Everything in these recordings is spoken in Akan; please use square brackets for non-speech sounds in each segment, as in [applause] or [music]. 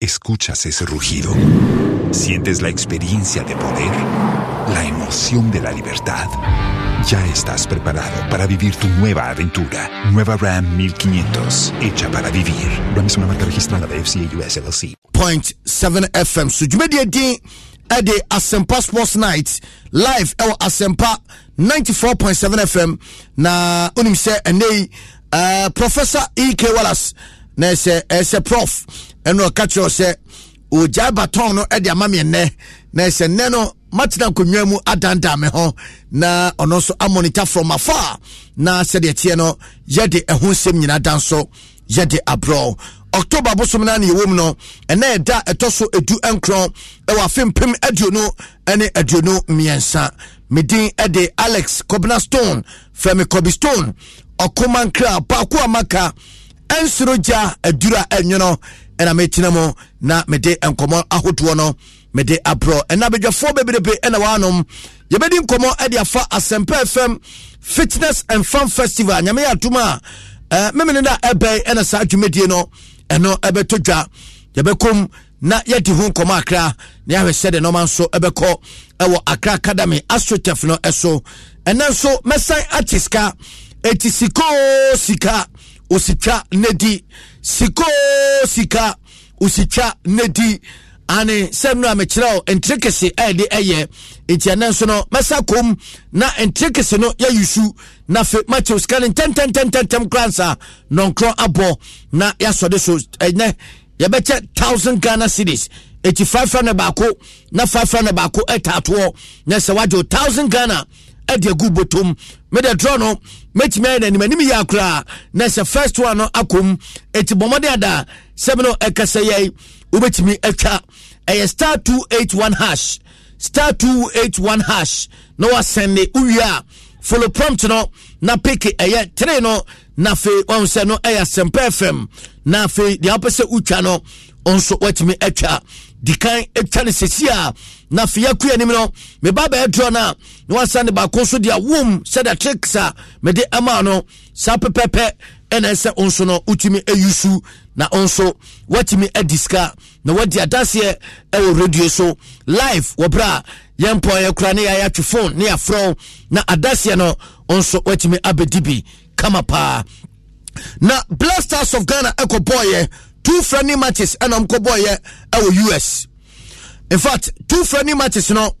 Escuchas ese rugido. Sientes la experiencia de poder, la emoción de la libertad. Ya estás preparado para vivir tu nueva aventura. Nueva Ram 1500, hecha para vivir. Ram es una marca registrada de FCA US LLC. Point 7 FM. Sujumedi Edi, de Asempa Sports Night. Live, El Asempa 94.7 FM. Na, unimse enei, eh, Professor E.K. Wallace. na ɛsɛ ɛsɛ prof ɛna ɔka kyerɛ sɛ ogya baton no ɛde ama mi nnɛ na ɛsɛ nnɛ no matena nkonnwa mu adanda me ho na ɔno nso amonita from afar na sɛdeɛ teɛ no yɛde ɛho nsɛm nyinaa da nso yɛde aborɔ october bosom no ne yɛwɔ mu no ɛnɛ ɛda ɛtɔ so edu nkorɔn ɛwɔ afe mpem aduonu ɛne aduonu mmiɛnsa medin ɛde alex kɔbena stone fɛmi kɔbi stone ɔkomankra baako amaka ɛnsoro gya adura ɛnwono ɛna metena mu na mede nkɔmmɔ ahodoɔ no mede aborɔ ɛna badwafoɔ bebrebe ɛna waanom yɛbɛdi nkɔmmɔ de afa asɛmpa fm fitness and fun festival nyame yɛ atom a uh, memene da ɛbɛn ɛna saa dwumadie no ɛno ɛbɛtɔ dwa yɛbɛkom na yɛdi ho nkɔmmɔ akra na yɛahwɛ sɛde nɔma nso ɛbɛkɔ ɛwɔ akra academy astrotef no ɛso ɛnɛ nso mɛsan ate sika ɛti sikoo sika ositwa eh, eh, eh, ne di sikoo sika ositwa ne di ane sɛm no a mekyerɛ wo ntire kese a yɛde ɛyɛ enti ɛnɛ nso no mɛsa kom na ntire kese no yɛyi su na afei makyɛ sika no ntɛmtɛmtɛmtɛm kora nsa abɔ na yɛasɔde so ɛnɛ yɛbɛkyɛ thousand ghana cities eti five hundred baako na five hundred baako ɛtaatoɔ na sɛ wagye thousand ghana ɛde agu botom mede trɔ no mɛtumi ayɛ nanim anim yɛ akoraa na sɛ first one no akom ɛti bɔmmɔden ada sɛm no ɛkasa yɛi wobɛtumi atwa ɛyɛ star 281 hash star 281 hash na wasɛnde wowie a follow prompt no na peke ɛyɛ tire no na afei wɔn sɛ no ɛyɛ asɛmpa fm na afei deɛ wopɛ sɛ wotwa no nso watumi atwa dikan atwa no sɛsi a na fia kua anim no meba bɛɛdorɔ no a na wasa ne baako so deɛ wom sɛdeɛ tricks a mede ɛma no saa pɛpɛpɛ ɛna sɛ wo nso no wotumi ayi na wo nso woatumi adi na woadi adaseɛ ɛwɔ radio so live wɔ berɛ a yɛmpɔ yɛkora ne yɛayɛatwe phone ne yɛafrɛ na adaseɛ no wo nso woatumi abɛdi bi kama paa na blasters of ghana ɛkɔbɔɔyɛ two friendly matches ɛna mkɔbɔɔyɛ ɛwɔ us in fact two friendly matches no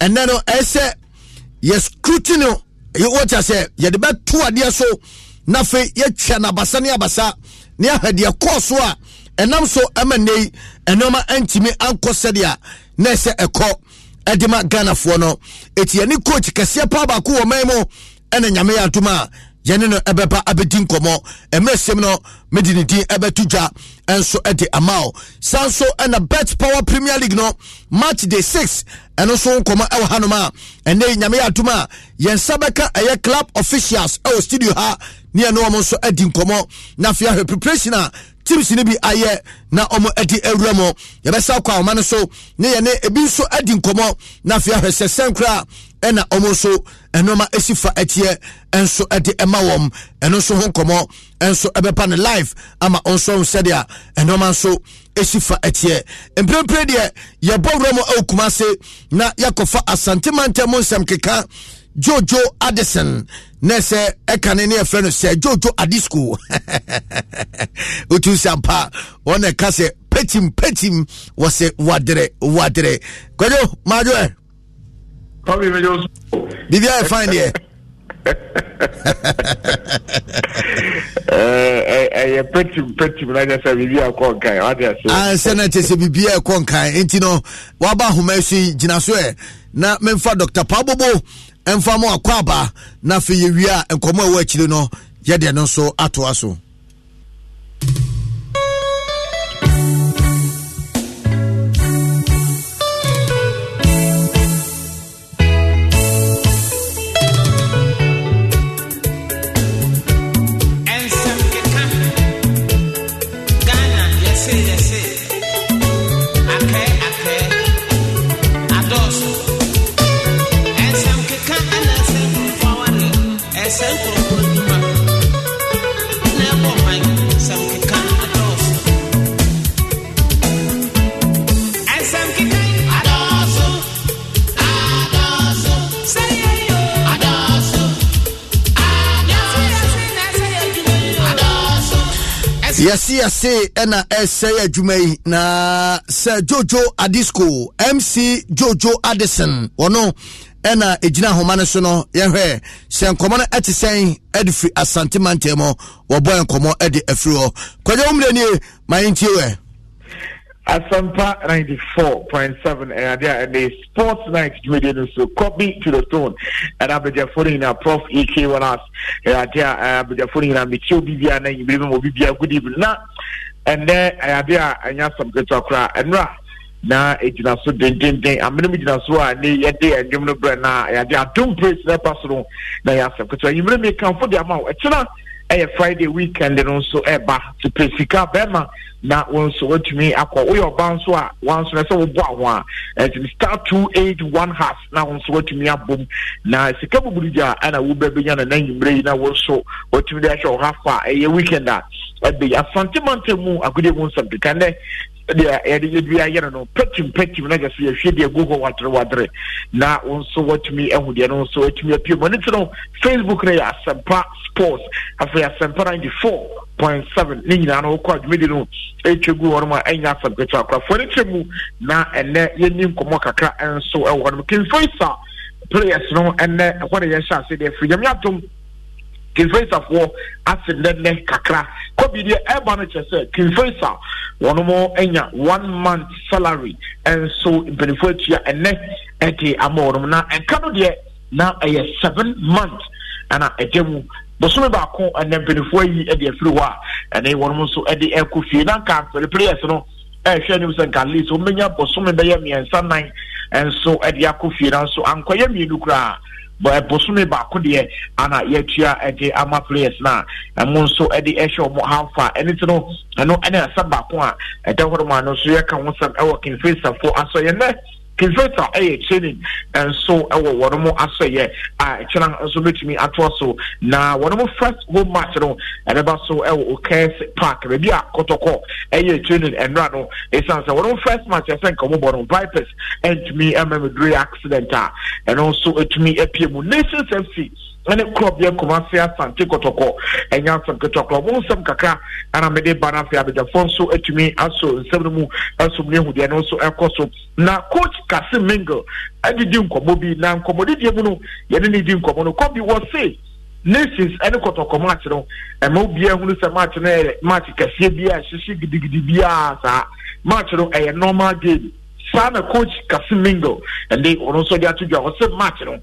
ɛnɛ no ɛsɛ yɛ scrutiny wɔkya sɛ yɛde bɛto adeɛ so na afei yɛtwa n'abasa ne abasa ne ahadeɛ kɔɔ so a ɛnam so ɛma nne yi ɛnneɛma ɛntumi ankɔ sɛdeɛ na ɛsɛ ɛkɔ ɛde ma ghanafoɔ no eti yɛne coach kɛseɛ paa baako wɔ mɛn mu ɛna nyame yɛ adum a yɛne no ɛbɛba abɛdi nkɔmmɔ ɛmerɛ sɛm no mede ne din ɛbɛto dwa ɛnso de ama o saa nso ɛna bet power premier league no match day 6 ɛno nso nkɔmmɔ ɛwɔ hanom a ɛnɛ nyame yɛ adom a yɛnsa bɛka ɛyɛ club officials ɛwɔ studio ha ne ɛno ɔm nso adi nkɔmmɔ na afei ahwɛ preparation a teams no bi ayɛ na ɔmo adi awura mu yɛbɛsa kɔ ahoma no so ne yɛne ebi nso adi nkɔmɔ na afei ahwɛ sɛ sɛn koraa ɛna ɔmo nso ɛnoma esi fa ɛteɛ ɛnso ɛde ɛma wɔm ɛno nso ho nkɔmɔ ɛnso ɛbɛpa ne live ama ɔnso ɔn sɛdeɛ ɛnoma nso esi fa ɛteɛ mprempren deɛ yɛbɔ wura mu ɛwɔ kumase na yɛkɔfa asante mantam mu nsɛm keka jojo addison na sɛ ɛka ne ne yɛfrɛ no sɛ jojo adisco [laughs] otu sampa wɔn ɛka sɛ petim petim wɔ sɛ waderɛ waderɛ kwadwo maajo ɛ biribia yɛ fine deɛ [laughs] ɛyɛ petim na sɛ biribi ah, ɛkɔ nkan enti no waba ahoma so yi gyina so ɛ na memfa dr pabobo ɛmfa mu akɔ aba na afei yɛwie a nkɔmmɔ a ɛwɔ akyire no yɛdeɛ no nso atoa so yɛse yɛse ɛna ɛsɛe adwuma yi na sɛ jojo adisco mc jojo addison wɔno ɛna ɛgyina ahoma no so no yɛhwɛ sɛ nkɔmmɔ no ɛte sɛn ɛde firi asante mantam wɔbɔ nkɔmmɔ ɛde afiri hɔ kwagya wo mmerɛ nie ma yɛntie wɛ Asampa 94.7 and they are the sports night comedian so copy to the stone and I'll be there in a uh, prof EK one us and I'll be there for in a Michio Bibia and you believe me Bibia good evening and then I'll be there and you some good talk and right na egyina so dendenden amena gyina so a ne yɛde ɛnwom no berɛ na yɛde adom praise na ɛpa so no na yɛasɛm ketewa nwummere mi kamfo de ama wo ɛkyena ɛyɛ friday weekend no nso ɛba pɛ sika bɛrima na wɔn nso wɔatumi akɔ woyɛ ɔba nso a wɔn nso ɛsɛ wɔbɔ aho a star two eight one half na wɔn nso wɔatumi abom na sika buburu gya ɛna wɔbɛ bɛnya na na nyimire yi na wɔn nso wɔatumi de ahyɛ ɔha fa ɛyɛ weekend a ɛbɛ asante manta mu agodie mu nsɛm keka nnɛ deɛ yɛde yɛdua yɛre no pɛtim pɛtim na gɛsɛ yɛhwɛ deɛ gu hɔ wadere wadere na wɔn nso wɔatumi ahu deɛ no nso wɔatumi apue mu ɛno nti facebook no yɛ asɛmpa sports afei asɛmpa 94.7 ne nyinaa no wokɔ adwumadi no ɛtwa gu hɔ nom a ɛnyɛ asɛm ketewa ne kyerɛ mu na ɛnɛ yɛni nkɔmmɔ kakra nso ɛwɔ hɔ nom kimfoisa players no ɛnɛ ɛhɔ ne yɛhyɛ ase deɛ firi nyame atom kimfaisafoɔ ase nnɛnnɛ kakra kɔbi deɛ ɛba no kyerɛ sɛ kimfaisa wɔn mo anya one month salary nso mpanimfoɔ atua ɛnɛ ɛde ama wɔn na ɛka no deɛ na ɛyɛ seven months ɛna ɛgya mu bosome baako ɛnɛ mpanimfoɔ yi ɛde afiri hɔ a ɛne wɔn nso ɛde ɛkɔ fie na nka nsɛre players no ɛhwɛ ne sɛ nka lees wɔmɛnya bosome bɛyɛ mmiɛnsa nan nso ɛde akɔ fie na nso ankɔyɛ mmienu koraa bosome baako deɛ ana yɛatua ɛde ama players no a ɛmo nso ɛde ɛhwɛ wɔn hamfa ɛne ti no ɛno ɛne asɛm baako a ɛda hɔ no mu a no nso yɛka ho sɛm ɛwɔ kinfesafoɔ asɔyɛ nnɛ piveta ɛyɛ eh, eh, training nso ɛwɔ wɔn mo asɛyɛ a ɛkyɛn nso bɛtumi atoa so na wɔn mo first home match no ɛbɛba so ɛwɔ eh, okɛs park baabi a kɔtɔkɔ ɛyɛ training ɛnura no esan sɛ wɔn mo first match ɛsɛn nkɔmɔ bɔ no vipers ɛntumi ɛmɛmɛdure accident a ah. ɛno nso ɛtumi ɛpie mu nations fc. ne kurɔ bia kumase asante kɔtɔkɔ ɛnyɛ asɛm ketewa kora wɔn nsɛm kakra ana mede ba no afei abegyafo nso atumi aso nsɛm no mu asom ne ahudeɛ no nso ɛkɔ so na coach kase mingle adidi nkɔmmɔ bi na nkɔmmɔdidiɛ mu no yɛne ne di nkɔmmɔ no kɔbi wɔ se nations ɛne kɔtɔkɔ match no ɛma obiara hunu sɛ match no yɛ match kɛseɛ bi a ɛhyehyɛ gidigidi biara saa match no ɛyɛ normal game saa na coach kase mingle ɛde ɔno nso de ato dwa ɔsɛ match no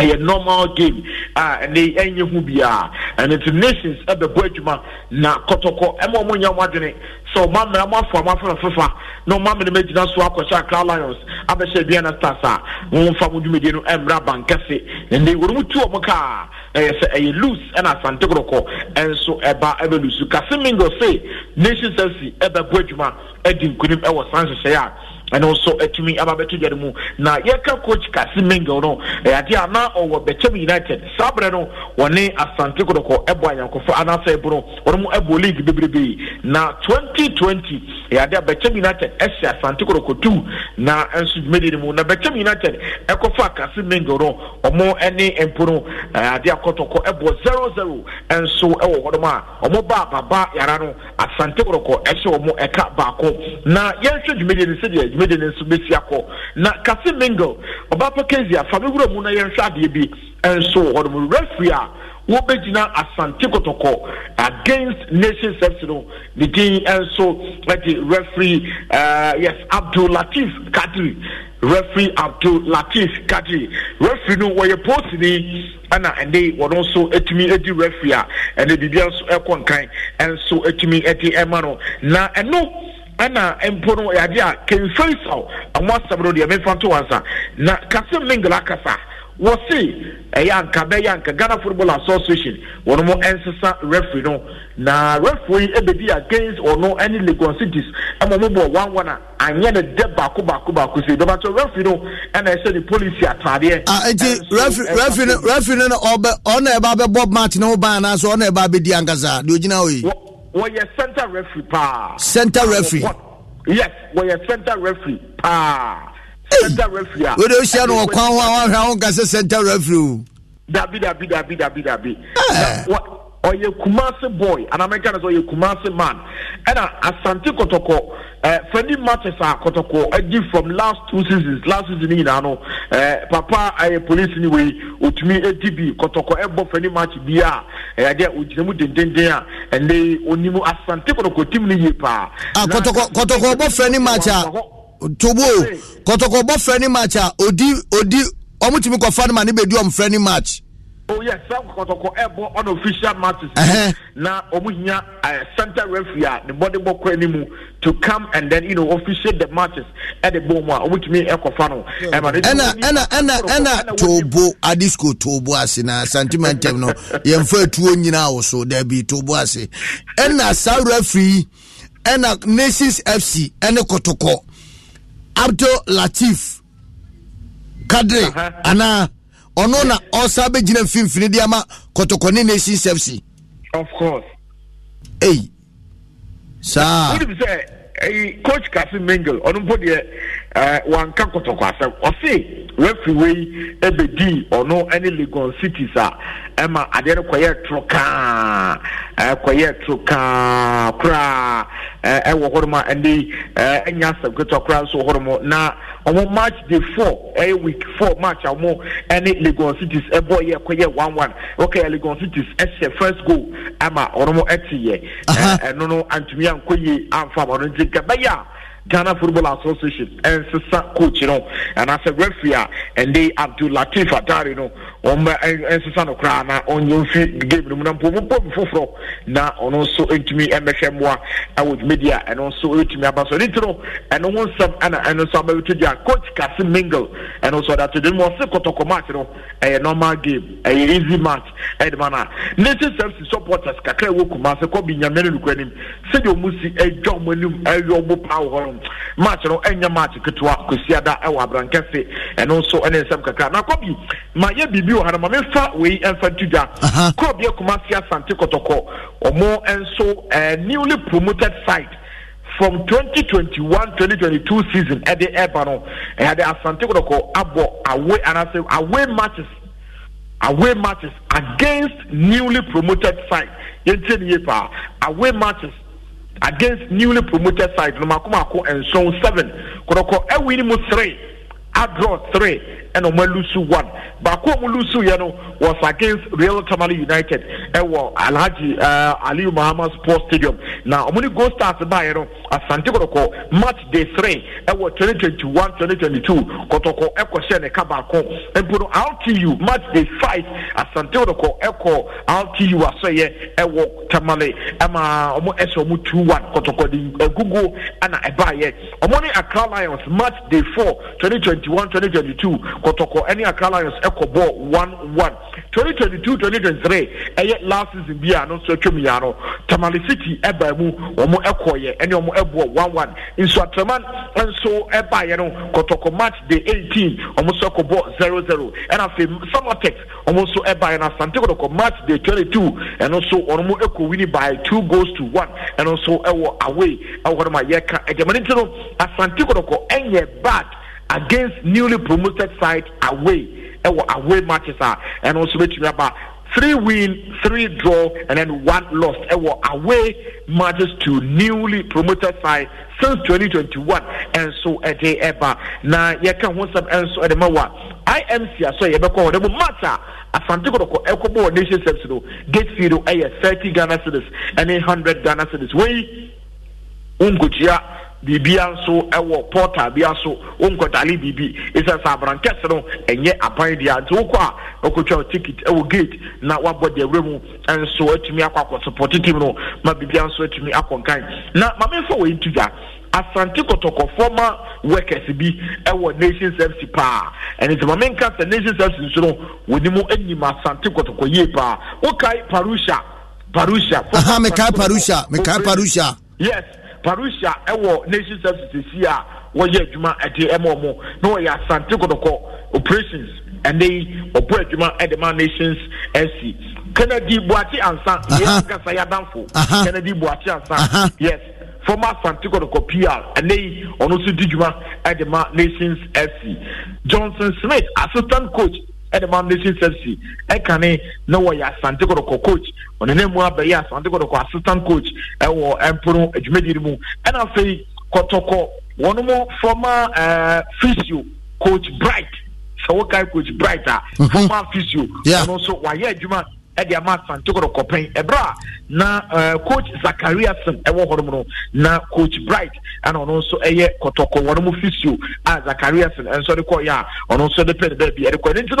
ɛyɛ normal game a ɛne ɛnyɛ ho biara ɛno nti nations ɛbɛbɔ adwuma na kɔtɔkɔ ɛma ɔmo nya ɔmo adwene sɛ ɔmo amena mo afɔ ɔmo afɔ fefa na ɔmo amena mo agyina so akɔhyɛ akra lions abɛhyɛ aduana stars a wɔmfa mo dwumadie no ɛmmra bankɛse na ne wɔn mu tu ɔmo kaa ɛyɛ sɛ ɛyɛ loose ɛna asante korɔkɔ ɛnso ɛba ɛbɛ loose kasimingo se nations fc ɛbɛbɔ adwuma ɛdi nkunim ɛwɔ san hyehyɛ a ɛno nso atumi aba bɛto gya no mu na yɛka coach kase mengel no ɛyɛade a na ɔwɔ bɛkyɛm united saa berɛ no wɔne asante kodɔkɔ ɛbɔ anyankofo anaasɛ ɛbo no ɔno mu ɛbɔ league bebrebee na 2020 ɛyɛade a bɛkyɛm united ɛhyɛ asante kodɔkɔ tu na ɛnso dwumadi no mu na bɛkyɛm united ɛkɔfa kase mengel no ɔmo ɛne mpo no ɛyɛade a kɔtɔkɔ ɛbɔ 00 ɛnso ɛwɔ hɔ nom a ɔmo baa baba yara no asante kodɔkɔ ɛhyɛ ɔmo ɛka baako na yɛnhwɛ dwumadi no sɛdeɛ mede ne nso bɛsi akɔ na kase mingle ɔbaapa kezia fa me wura mu na yɛnhwɛ adeɛ bi nso wɔ hɔ nom refri a wɔbɛgyina asante kɔtɔkɔ against nation service no ne din nso ɛde refri uh, eh, yes abdul latif kadri refri abdul latif kadri refri no wɔyɛ postini ɛna ɛne wɔn nso atumi adi refri a ɛne biribi nso ɛkɔ nkan nso atumi ɛde ɛma no na ɛno ɛna mpo no yɛade a kemfesaw amo asɛm no deɛ memfa nto wansa na kasem mingla kasa wɔse eh, ɛyɛ anka bɛyɛ anka ghana football association wɔn mo ɛnsesa referee no na referee yi ebedi against ɔno ɛne legon cities ɛma ɔmo bɔ one one a anyɛ ne dɛ baako baako baako si dɔbɔ ato referee no ɛna ɛhyɛ ne polisi ataadeɛ. a ah, eti eh, referee referee referee no na ɔbɛ ɔna ɛba bɛ bɔ match na ɔba anaasɛ ɔna ɛba bɛ di ankasa deɛ ogyina hɔ yi wɔyɛ center referee paa. center referee. yes wɔyɛ center referee paa. center referee a. o de o ṣe no wɔ kwan ho a wɔn ahwɛ ahɔn kan sɛ center referee o. dabi dabi dabi dabi dabi ɔyɛ kumase boy anamɛka no sɛ ɔyɛ kumase man ɛna asante kɔtɔkɔ ɛɛ fani matches a kɔtɔkɔ ɛdi from last two seasons last season nyinaa no ɛɛ papa ɛyɛ polisi ni wei otumi edi bi kɔtɔkɔ ɛbɔ fani match bi a ɛyɛ deɛ ogyina mu dendenden a ɛnɛ onimu asante kɔtɔkɔ tim ni yie paa. Ah, a kɔtɔkɔ kɔtɔkɔ ɔbɔ fani match a tobo kɔtɔkɔ ɔbɔ fani match a odi odi ɔmutumi kɔfa ne ma ne bɛ di ɔm fani match oh yes sam kɔtɔkɔ ɛbɔ ɔna official matches uh-huh. na ɔmo hiya uh, center referee a ne bɔ de bɔ kɔ anim to come and then you know officiate the matches ɛde bɔ mu a ɔmo tumi ɛkɔfa no ɛma ɛna ɛna ɛna ɛna tobo adisco tobo ase na santimentem [laughs] no yɛnfa etuo nyinaa wɔ so dɛbi tobo ase ɛna saa referee ɛna nations fc ɛne kɔtɔkɔ abdul latif kadri uh -huh ɔno na ɔsa bɛgyina mfimfini de ama kɔtɔkɔne nation service of course ei saa wonim sɛ ɛyi coach kase mengel ɔno mpo deɛ eh, wanka kɔtɔkɔ asɛm ɔse wafiri wei ɛbɛdii ɔno ne legon cities a ɛma adeɛ no kɔyɛ toro kaa kɔyɛ toro kaa koraa ɛwɔ hɔ nom a ɛne ɛnya asɛm ketewa koraa nso hɔ nom na ɔmo march day four ɛyɛ week four march a ɔmo ɛne legon cities ɛbɔ yɛ kɔ one one okay legon cities ɛhyɛ first goal ama ɔmo ɛte yɛ ɛno no antumi ankɔ yie anfa ma ɔno nti nka bɛyɛ a. Ghana Football Association and Sisa Coach, you know, and a referee, and they Abdul Latif Adari, you ɔmba ɛnsesa eh, eh, no koraa na ɔnyɛ mfi game no mu na mpo mopɔ mu foforɔ na ɔno nso ntumi mmɛhwɛ mmoa ɛwɔ eh, dwumadi a ɛno nso ɛtumi aba so ne nti no ɛno ho nsɛm ɛna ɛno nso abɛbɛto dwa coach kase mingle ɛno nso ɔde ato dwa no mu ɔse kɔtɔkɔ match no ɛyɛ normal game ɛyɛ easy match ɛde ma no a nation services supporters kakra ɛwɔ kuma sɛ kɔbi nyamea no nokora anim sɛdeɛ ɔmu si ɛdwa ɔmo anim ɛyɛ ɔmo paa wɔ hɔnom match no ɛnyɛ match ketewa kɔsiada ɛwɔ abrankɛse ɛno nso ɛne nsɛm kakra na kɔbi ma yɛ biribi bio hanama mefa wei ɛmfa nto dwa kuro bia kumasi asante kɔtɔkɔ ɔmo nso ɛɛ newly promoted site from 2021-2022 season ɛde ɛba no ɛyade asante kɔtɔkɔ abɔ away anase away matches away matches against newly promoted side yɛntie ne yie paa away matches against newly promoted side no mako mako nson seven kɔtɔkɔ ɛwi ne mu three adraw three ɛna ɔmo alusu one baako ɔmo lusu yɛ no was against real tamale united ɛwɔ alhaji ɛɛ eh, aliyu mahama sports stadium na ɔmo ne goal stars baayɛ no asante kɔtɔkɔ match day three ɛwɔ twenty twenty one twenty twenty two kɔtɔkɔ ɛkɔhyɛ ne ka baako mpo no rtu match day five asante kɔtɔkɔ ɛkɔ rtu asɔyɛ ɛwɔ tamale ɛma ɔmo ɛsɛ ɔmo two one kɔtɔkɔ de egungo ɛna ɛbaayɛ ɔmo ne accra lions match day four twenty twenty one twenty twenty two kɔtɔkɔ ɛne accra lions ɛkɔ bɔɔ one one twenty twenty two twenty twenty three ɛyɛ last season bi a no nso atwam yaa no tamale city ɛbaa mu wɔn ɛkɔɔyɛ ɛne wɔn ɛbɔɔ one one nso atraman nso ɛbaayɛ no kɔtɔkɔ match day eighteen wɔn nso ɛkɔ bɔɔ zero zero ɛna afei samatex wɔn nso ɛbaayɛ no asante kɔtɔkɔ match day twenty two ɛno nso wɔn mo ɛkɔ wini by two goals to one ɛno nso ɛwɔ away ɛwɔ hɔ no ma yɛka ɛgyamani ti no asante kɔtɔkɔ ɛnyɛ bad against newly promoted side away ɛwɔ away matches a ɛno nso bɛtumi aba three win three draw and then one loss ɛwɔ away matches to newly promoted side since 2021 ɛnso ɛde ɛba na yɛka ho nsɛm ɛnso ɛde eh, ma wa imc aso uh, yɛbɛkɔ hɔ na mu mata asante kɔkɔ ɛkɔbɔ wɔ nation service no gate fee no ɛyɛ 30 ghana cedis ɛne 100 ghana cedis wei nkokyia biribia nso wɔ pɔta bia so wonkɔtale biribi ɛsɛ sɛ abrankɛse no ɛnyɛ aban deɛ nti wokɔ a ɔkɔtwa ticket ɛwɔ gate na woabɔ deɛ werɛ mu nso atumi akɔ akɔsopɔte tim no ma biribia nso atumi akɔnkan na mamemfa wɔ ntu asante kɔtɔkɔ former workers bi ɛwɔ nation service paa ɛne sɛ mamenka sɛ nation service nso no wɔne mu anim asante kɔtɔkɔ yie paa wokae parusha parusha aha mekae parusha mekae parusha yes parisha ɛwɔ nation services si a wɔyɛ adwuma ɛde ɛma ɔmo na wɔyɛ asante kɔtɔkɔ operations ɛnɛ yi ɔbɔ adwuma ɛde ma nations fc kennedy buakye ansa yɛ ankasa yadamfo kennedy buakye ansa yes former asante kɔtɔkɔ pr ɛnɛ yi ɔno nso di dwuma ɛde ma nations fc johnson smith assistant coach ɛde ma nation safety ɛka ne na wɔyɛ asante kɔdɔkɔ coach ɔne ne mu abɛyɛ asante kɔdɔkɔ assistant coach ɛwɔ mpono adwumadie no mu ɛna afei kɔtɔkɔ wɔn mo former ɛɛ eh, physio coach bright sɛ wɔkae coach bright a ah? mm-hmm. former physio ɔno nso wayɛ adwuma ɛde ama asantokoro kɔpɛn ɛbrɛ eh, na eh, coach zakariasen ɛwɔ eh, hɔ nom no na coach bright ɛna ɔno nso ɛyɛ kɔtɔkɔ wɔn mu fisio a zakariasen ɛnso de kɔɔyɛ a ɔno nso de pɛ ne ɛde kɔ ne nti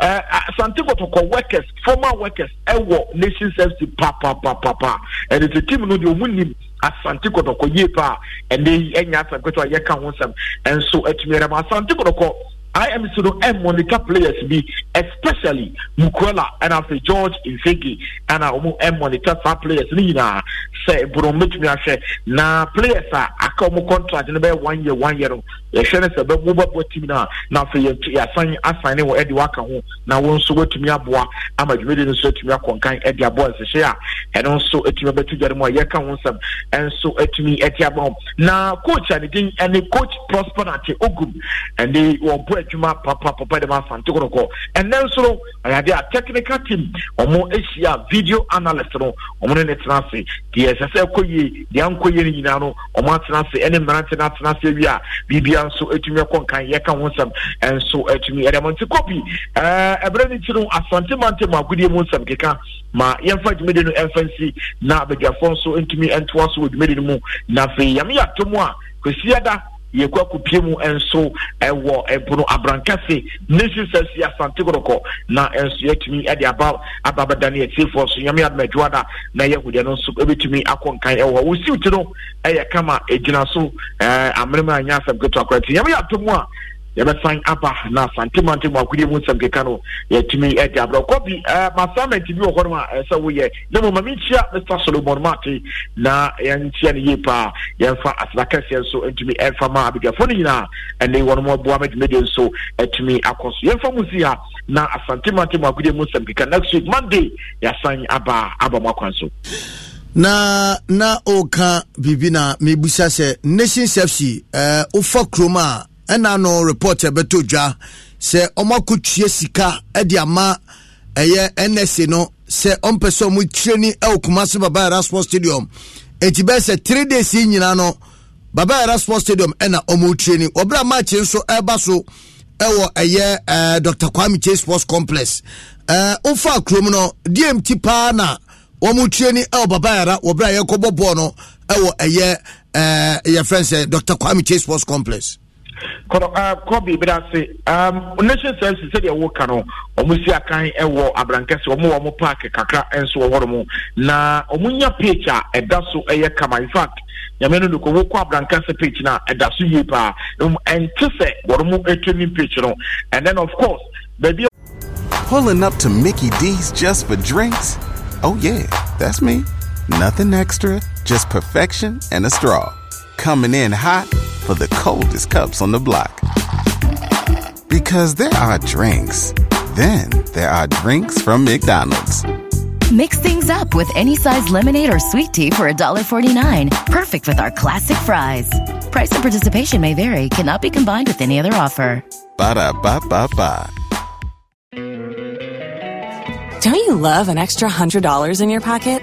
ah, workers former workers ɛwɔ nations fc papapapapa ɛde te team no deɛ ɔmo nim asante kɔtɔkɔ yie paa ɛde ɛnya asante kɔtɔkɔ a yɛka ho nsɛm ɛnso ɛtumi ɛrɛm asante kɔtɔkɔ. IMC no and Monica players be especially Mukwela and after George Nzegi and our and Monica star players Nina say Bruno Mitchell na players are come contract in about one year one year yɛhwɛ no sɛ bɛbu bɔbɔ tim no a na afei yɛasan asane wɔ ɛde waka ho na wo nso woatumi aboa ama dwumadi no nso atumi akɔnkan ɛde aboa nsɛhyɛ a ɛno nso atumi abɛto dwa no mu a yɛka ho nsɛm ɛnso atumi ɛte aba ho na coach a ne din ɛne eh, coach prosper nate ogum ɛne wɔbɔ adwuma papapapa de ma asante korokɔ ɛnɛ nso no ɛyɛade a technical team ɔmo ahyia video analyst no ɔmo ne ne tena ase deɛ ɛsɛ sɛ ɛkɔ yie deɛ ankɔ yie no nyinaa no ɔmo atena ase ɛne mmerante no atena ase awie a biribia bia nso atumi ɛkɔ nkan yɛka ho nsɛm nso atumi ɛdɛm nti kopi ɛberɛ no nti no asantemantem agodie mu nsɛm keka ma yɛmfa dwumadi no ɛmfa nsi na abadwafoɔ nso ntumi ntoa so wɔ dwumadi no mu na afei yame yɛ atom a kwasi ada yɛkɔ akɔpie mu nso ɛwɔ ɛpono abrankase nation sɛsi asante korɔkɔ na nso yɛtumi ɛde aba aba abɛda ne yɛtiefoɔ so nyame adoma adwoa da na ɛyɛ ahodeɛ no nso ɛbɛtumi akɔ nkan ɛwɔ hɔ wosiw ti no ɛyɛ kama ɛgyina so ɛɛ amene asɛm ketewa korɔ ti nyame yɛ ato mu a yɛbɛsan aba na santemante mu akodie mu nsɛm keka no yɛtumi agya abrɛ kɔbi eh, masamment bi wɔ hɔ nom a ɛsɛ eh, woyɛ na mmoma menkyia mr solomon mate na yɛnkyia no yie paa yɛmfa asenakɛseɛ nso ntumi ɛmfa ma abadwafoɔ no nyinaa ɛne wɔnom aboa ma dwumadie nso atumi akɔ so yɛmfa mu si ha na asantemante mu akodie mu nsɛm keka next week monday yɛasan aba aba mu akwan so na na ɔka biribi na mebusa sɛ nation sefsy eh, wofa kurom a ɛna no report ɛbɛtɔ dwa sɛ ɔmo akɔtua sika ɛde ama ɛyɛ nsa no sɛ ɔmpɛ sɛ ɔmo tireni ɛwɔ kumasi baba yara sports stadium eti bɛyɛ sɛ three days yi nyinaa no baba yara sports stadium ɛna ɔmo tireni ɔbɛrɛ maakye nso ɛɛba so ɛwɔ ɛyɛ ɛɛ dr kwame chase sports complex ɛɛ ofa kurom no dmt paa na wɔn tireni ɛwɔ baba yara wɔbɛrɛ a yɛkɔbɔ bɔɔl no ɛwɔ ɛyɛ ɛɛ yɛfrɛ sɛ dr kwame chase sports complex. kɔ uh, biribida ase um, nation services sɛdeɛ woka no ɔmo si akan eh, wɔ abrankɛse ɔmo wɔ ɔmo park eh, kakra nso eh, wɔ hɔnom na ɔmo nya page a ah, ɛda so ɛyɛ kama in fact nyame no nokɔ wokɔ abrankɛse page no ɛda so yie paa ɛnte sɛ wɔnom training page no and then of course baabi Pulling up to Mickey D's just for drinks? Oh, yeah, that's me. Nothing extra, just perfection and a straw. Coming in hot for the coldest cups on the block. Because there are drinks, then there are drinks from McDonald's. Mix things up with any size lemonade or sweet tea for $1.49. Perfect with our classic fries. Price and participation may vary, cannot be combined with any other offer. Ba da ba ba ba. Don't you love an extra $100 in your pocket?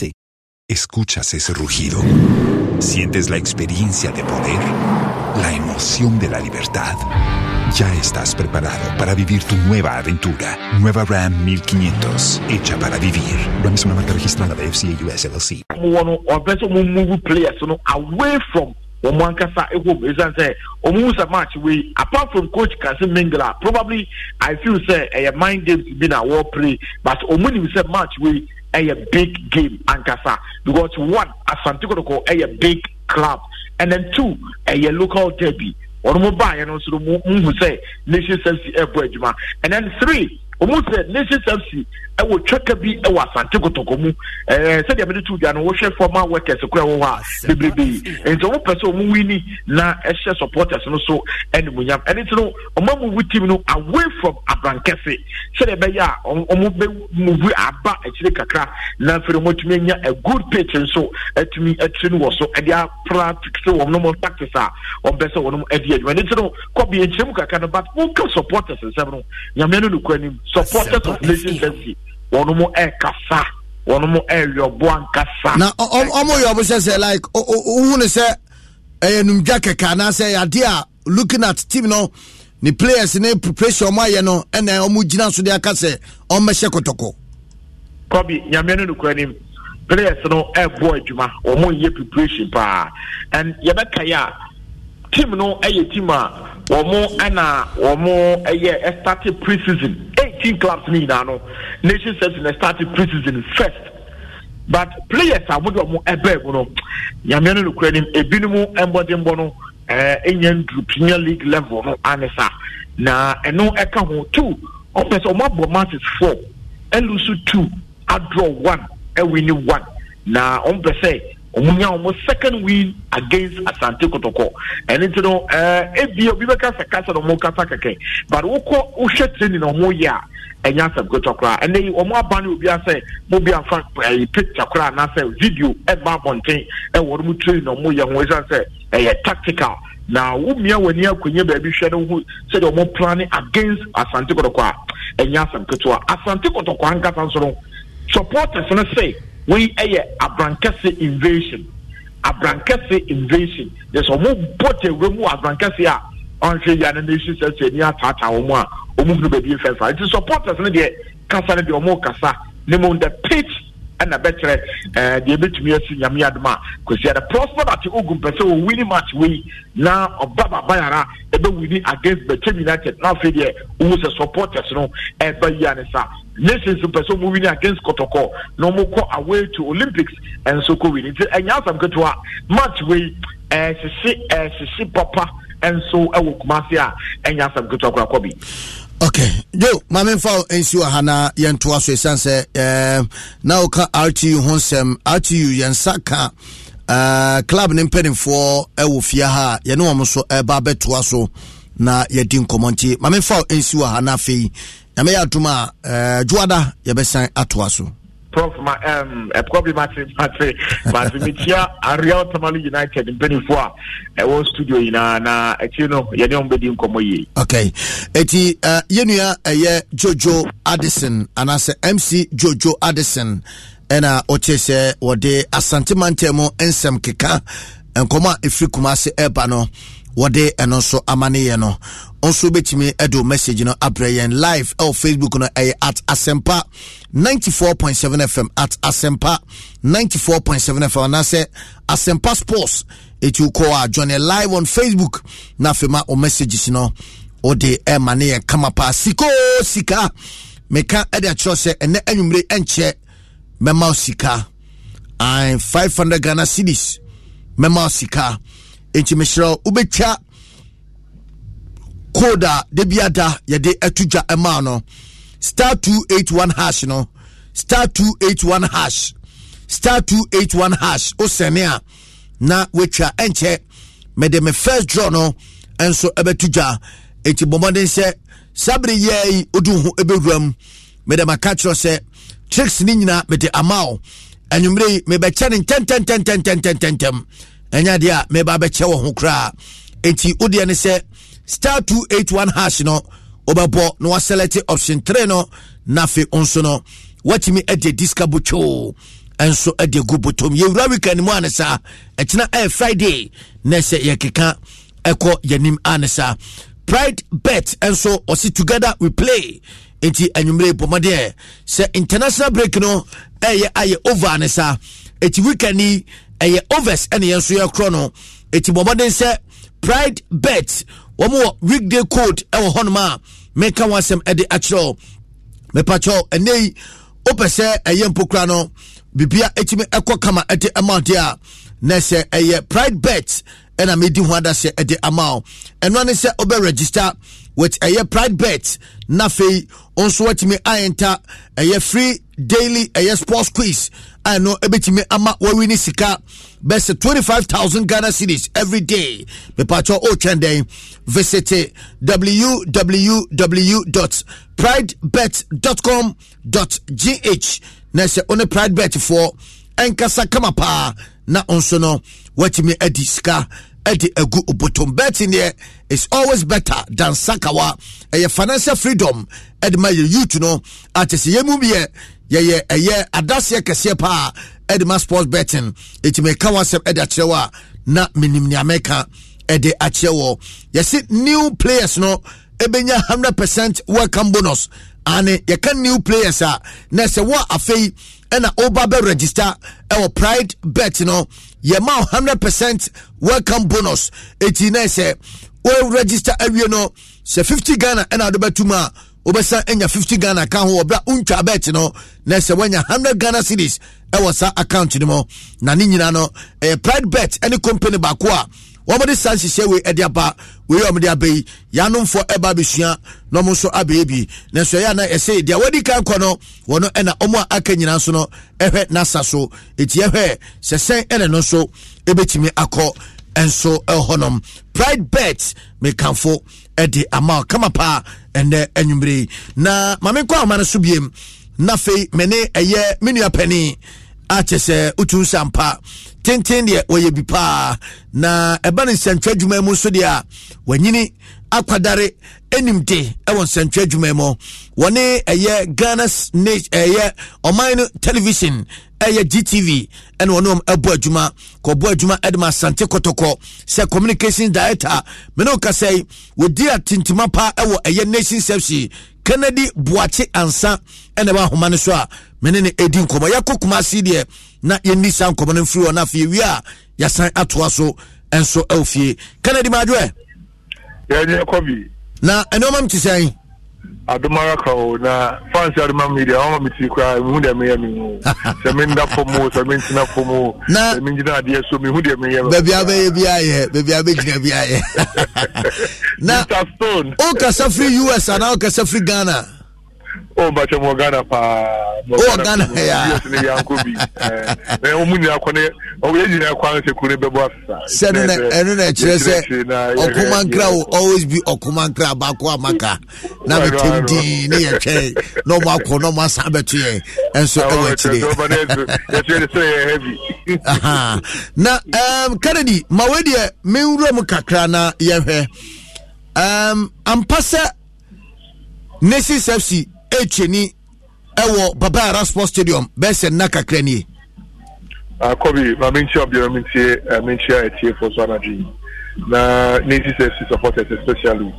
Escuchas ese rugido. Sientes la experiencia de poder, la emoción de la libertad. Ya estás preparado para vivir tu nueva aventura. Nueva Ram 1500, hecha para vivir. Ram es una marca registrada de FCA US LLC. away from wɔn ankasa ɛwɔ mu esan sɛ wɔn match we apart from coach kasi mingla probably i feel say a mind been a na wɔreplay but wɔn nim sɛ match we a big game ankasa because one asante kotoko a big club and then two a local derby ɔno mo baayɛ no nso no muhu sɛ nation sɛsi ɛbɔ and then three wɔn sɛ nation service ɛwɔ twɛka bi ɛwɔ e asante kotoko mu ɛɛ sɛdeɛ mɛde tu dua no wɔhwɛ former workers kura wɔ hɔ a bebrebe nti wɔn pɛ sɛ wɔn wini na ɛhyɛ e supporters no so ɛnimunyam e ɛne ti no wɔn amuvu team no away from abrankɛse sɛdeɛ bɛyɛ a wɔn bɛ muvu aba akyire kakra na afei wɔn atumi anya a good pitch nso atumi atiri no wɔ so ɛde apra sɛ wɔn nom practice a wɔn pɛ sɛ wɔn nom ɛdi adwuma ɛne ti kɔbi supporters nsɛm no nyamea no supporters of legislacy wɔn mo ɛrekasa wɔn mo ɛreyɔbo ankasa. na ɔmo yɛ ɔmo sɛ sɛ like ohun ni sɛ ɛyɛ numdwa kɛkɛ anaasɛ yade a looking at team no ne players ne preparation ɔmo ayɛ no ɛna ɔmo gyina so de aka sɛ ɔmo bɛhyɛ kɔtɔkɔ. kɔbi nyamia ne nukura nim players no ɛbɔ adwuma ɔmo yɛ preparation paa and yɛbɛka yɛ a team no ɛyɛ team a wɔn ɛna wɔn ɛyɛ ɛstarted pre season. 18 clubs ni nyinaa no nation service na start pre-season first but players a wɔde wɔn ɛbɛɛ mu no nyamea no nokura nim ebinom mbɔdembɔ no ɛɛ enya nduru premier league level no anisa na ɛno ɛka ho two wɔn pɛ sɛ wɔn abɔ matches four ɛlusu two adraw one ɛwini one na wɔn pɛ wɔn nya wɔn second win against asante kotoko ɛne ti no ɛɛ ebi obi bɛ kasa kasa na wɔn kasa kɛkɛ but wokɔ wohwɛ training na wɔn yɛ a ɛnya asɛm kotoko koraa ɛnɛ yi wɔn aba ne obi asɛ mo bi afa ɛyi picture koraa anasɛ video ɛba abɔnten ɛwɔ wɔn training na wɔn yɛ ho ɛsan sɛ ɛyɛ tactical na wumia wani akonya baabi hwɛ no ho sɛdeɛ wɔn plane against asante kotoko a ɛnya asɛm ketewa asante kotoko ankasa nso no supporters no say wei ɛyɛ abrankɛse invasion abrankɛse invasion yɛ sɛ ɔmo bɔ tɛwura mu abrankɛse a ɔnhwɛ yi a na n'esi sɛ sɛ ni ataataa wɔn a ɔmo hunu baabi fɛnfa nti supporters ne deɛ kasa ne deɛ ɔmo kasa ne mu the pitch ɛna bɛkyerɛ ɛɛ deɛ ebetumi esi nyame adum a kwesi ɛna prosper ati ogun pɛsɛ o winning match wei na ɔba baba yara ebe winning against bɛkyɛ united n'afɛ deɛ owó sɛ supporters no ɛɛba yi a ne sa nations pɛ sɛ ɔmo win against Kotoko. na ɔmo kɔ away to olympics nso kɔ win nti ɛnya asam ketewa match wei eh, ɛsisi ɛsisi eh, papa nso ɛwɔ kumase a ɛnya asam ketewa kora kɔ bi. okay yo maame nfa nsuo ha na yɛn to aso esan sɛ ɛɛ na ɔka rtu ho nsɛm rtu yɛn nsa ka. Uh, club ne mpanimfoɔ wɔ fie ha a yɛne wɔn nso ba abɛtoa so na yɛdi nkɔmmɔ nti maame nfa nsi wɔ ha na afei nyame yɛ atom a eh, dwoada yɛbɛsan atoa so prof ma um, ɛkɔbi mate mate mate metia arial tamale united mpanimfoɔ a ɛwɔ studio nyinaa na akyiri no yɛne ɔm bɛdi nkɔmmɔ yie okay ɛti uh, eh, yɛnua ɛyɛ jojo addison anaasɛ mc jojo addison ɛna ɔkyerɛ sɛ wɔde asante mantam mu nsɛm keka nkɔmmɔ a ɛfiri kumase ɛba no wɔde ɛno nso ama ne yɛ no nso bɛtumi ɛdo message no abrɛ yɛn live ɛwɔ facebook no ɛyɛ at asɛmpa 94.7 fm at asɛmpa 94.7 fm anaasɛ asɛmpa sports ɛti wokɔ a johnny live on facebook na afei ma wo messages no wode ɛma e ne yɛn kama paa sikoo sika meka ɛde akyerɛw sɛ ɛnɛ anwummere ɛnkyɛ mɛma wo sika 500 ghana cities mɛma wo sika nti mehyerɛ wobɛtwa code a da bi ada yɛde ato dwa ɛmaa no star 281 hash no star 281 hash star 281 hash wosɛne a na woatwa ɛnkyɛ mede me first draw no nso ɛbɛto dwa enti bɔmmɔden sɛ sabere yɛ yi wodu ho ɛbɛwuram mede maka kyerɛ sɛ tricks no nyinaa mede ama wo anwummerɛ ntɛntɛntɛntɛntɛntɛntɛm ɛnyɛ deɛ a mɛba bɛkyɛ wɔ ho koraa eti wodeɛ ne sɛ star two eight one hash no wobɛbɔ na waselect option three no na afei nso no watumi de diska botwoo ɛnso de gu botom yɛwura weekend mu ane saa e ɛyɛ eh, friday na ɛsɛ yɛkeka ɛkɔ yɛnim ane pride bet ɛnso ɔse together we play nti anwummerɛ bɔmmɔdeɛ sɛ international break no ɛyɛ eh, ayɛ over ane saa ɛti weekend ɛyɛ overs ɛna yɛn nso yɛkorɔ no eti bɔ bɔden sɛ pride bet wɔn wɔ weekday code ɛwɔ hɔnom a mɛka wɔn asɛm ɛde akyerɛ mɛpakyɛw ɛnɛ yi wopɛ sɛ ɛyɛ mpokura no bibia etimi ɛkɔ kama ɛte ɛma ɔde a na ɛyɛ pride bet ɛna medi ho adaseɛ ɛde ama wo ɛno ne sɛ wobɛ register with ɛyɛ pride bet na afei nso watumi aenta ɛyɛ free daily ɛyɛ sports quiz a ɛno ɛbɛtumi ama wawi ne sika bɛsɛ 25000 ghana cities every day mepatɔ ɔtwɛn dɛn visit www.pridebet.com.gh na sɛ wone pride bet foɔ ɛnkasa kama paa na nso no watumi adi sika ɛde agu obotom betting deɛ is always better than sakawa ɛyɛ financial freedom ɛde ma yɛ youth no ate sɛ yɛ mu yɛ yɛyɛ ɛyɛ adaseɛ kɛseɛ paa ɛde ma sports betting ɛtumi ka wasɛm ɛde akyerɛ wɔ a na menim nea mɛka ɛde akyerɛ wɔ yɛse new players no ɛbɛnya 100 percent welcome bonus ane yɛka new players a na sɛ wɔ afei ɛna ɔba bɛ register ɛwɔ pride bet no yɛma hundred percent welcome bonus eti na sɛ wɔ register awie no sɛ fifty ghana ɛna ɔde bɛtu mu a wobɛsan anya 50 ghana ka ho wɔbrɛ wontwa bet no na sɛ woanya 100 ghana series ɛwɔ saa account no mu na ne nyina no ɛyɛ pride bet ne company baako a wɔn de san sise wei ɛde aba wei a wɔn yi yanomfo ɛba abesua na wɔn nso abɛɛ bi na nso ɛyɛ anan ɛsɛ deɛ wɔde kan kɔ no wɔn ɛna wɔn a aka nyinaa nso no ɛhwɛ n'asa so eti ɛhwɛ sɛsɛn ɛna no nso ɛbɛtumi akɔ ɛnso ɛhɔnom pride bet mekanfo ɛde ama kama paa ɛnɛ ɛnwumire yi na maame nkɔ ahoma no so biem n'afɛ mɛne ɛyɛ menua panyin a kyɛ sɛ tenten deɛ wɔyɛ bi paa na ɛba no nsɛntwa adwuma mu nso deɛ a wanyini akwadare anim de ɛwɔ nsɛntwa adwuma mu wɔne ɛyɛ ghana's ɛyɛ ɔman no television ɛyɛ gtv ɛna wɔne ɛbɔ adwuma kɔbɔ adwuma ɛde ma asante kɔtɔkɔ sɛ communication director mene wo kasɛi wɔdi atentima pa ɛwɔ ɛyɛ nation service kennedy buakye ansa ɛna ɛwɔ ahoma no so a mene ne ɛdi nkɔmmɔ yɛkɔ kuma se deɛ na yɛnni saa nkɔmmɔ no mfiri hɔ no afei wie a yɛasan atoa so ɛnso ɛwɔ fie kennedy maadwoɛ yɛnyɛ kɔ bi na ɛnoɔma m te sɛn adumara kawo [laughs] na fans aduma media wọn ma mi ti kura mi hun mu sẹ mi ntina fọ mu sẹ mi gyina adeɛ so mi hun de mi yẹ mi. bẹẹbi abẹ yẹ bi ayẹ bẹẹbi bi ayẹ. [laughs] na o firi us anaa o firi ghana. o oh, bàtẹ mọ ghana paa mọ oh, ghana paa yà ọsẹ ni yanko bi ẹ ẹ afisa. nyina kọ na ẹnu na ẹkyerẹ sẹ ọkọmankra will always be ọkọmankra baako amaka [laughs] na bẹ tẹm diin ne na ọmọ um, akọ na ọmọ asan abẹto yẹ ẹnso ẹwọ akyire. na kennedy mawe deɛ me nwura mu kakra na ya um, ampa sɛ nasi sɛfsi ekyeni ɛwɔ baba ara sports stadium bɛsɛ nna kakra nie. akɔbi maame nkyia obiara mi ntie ɛmi nkyia etiefo so anadwo yi na native safety supporters especially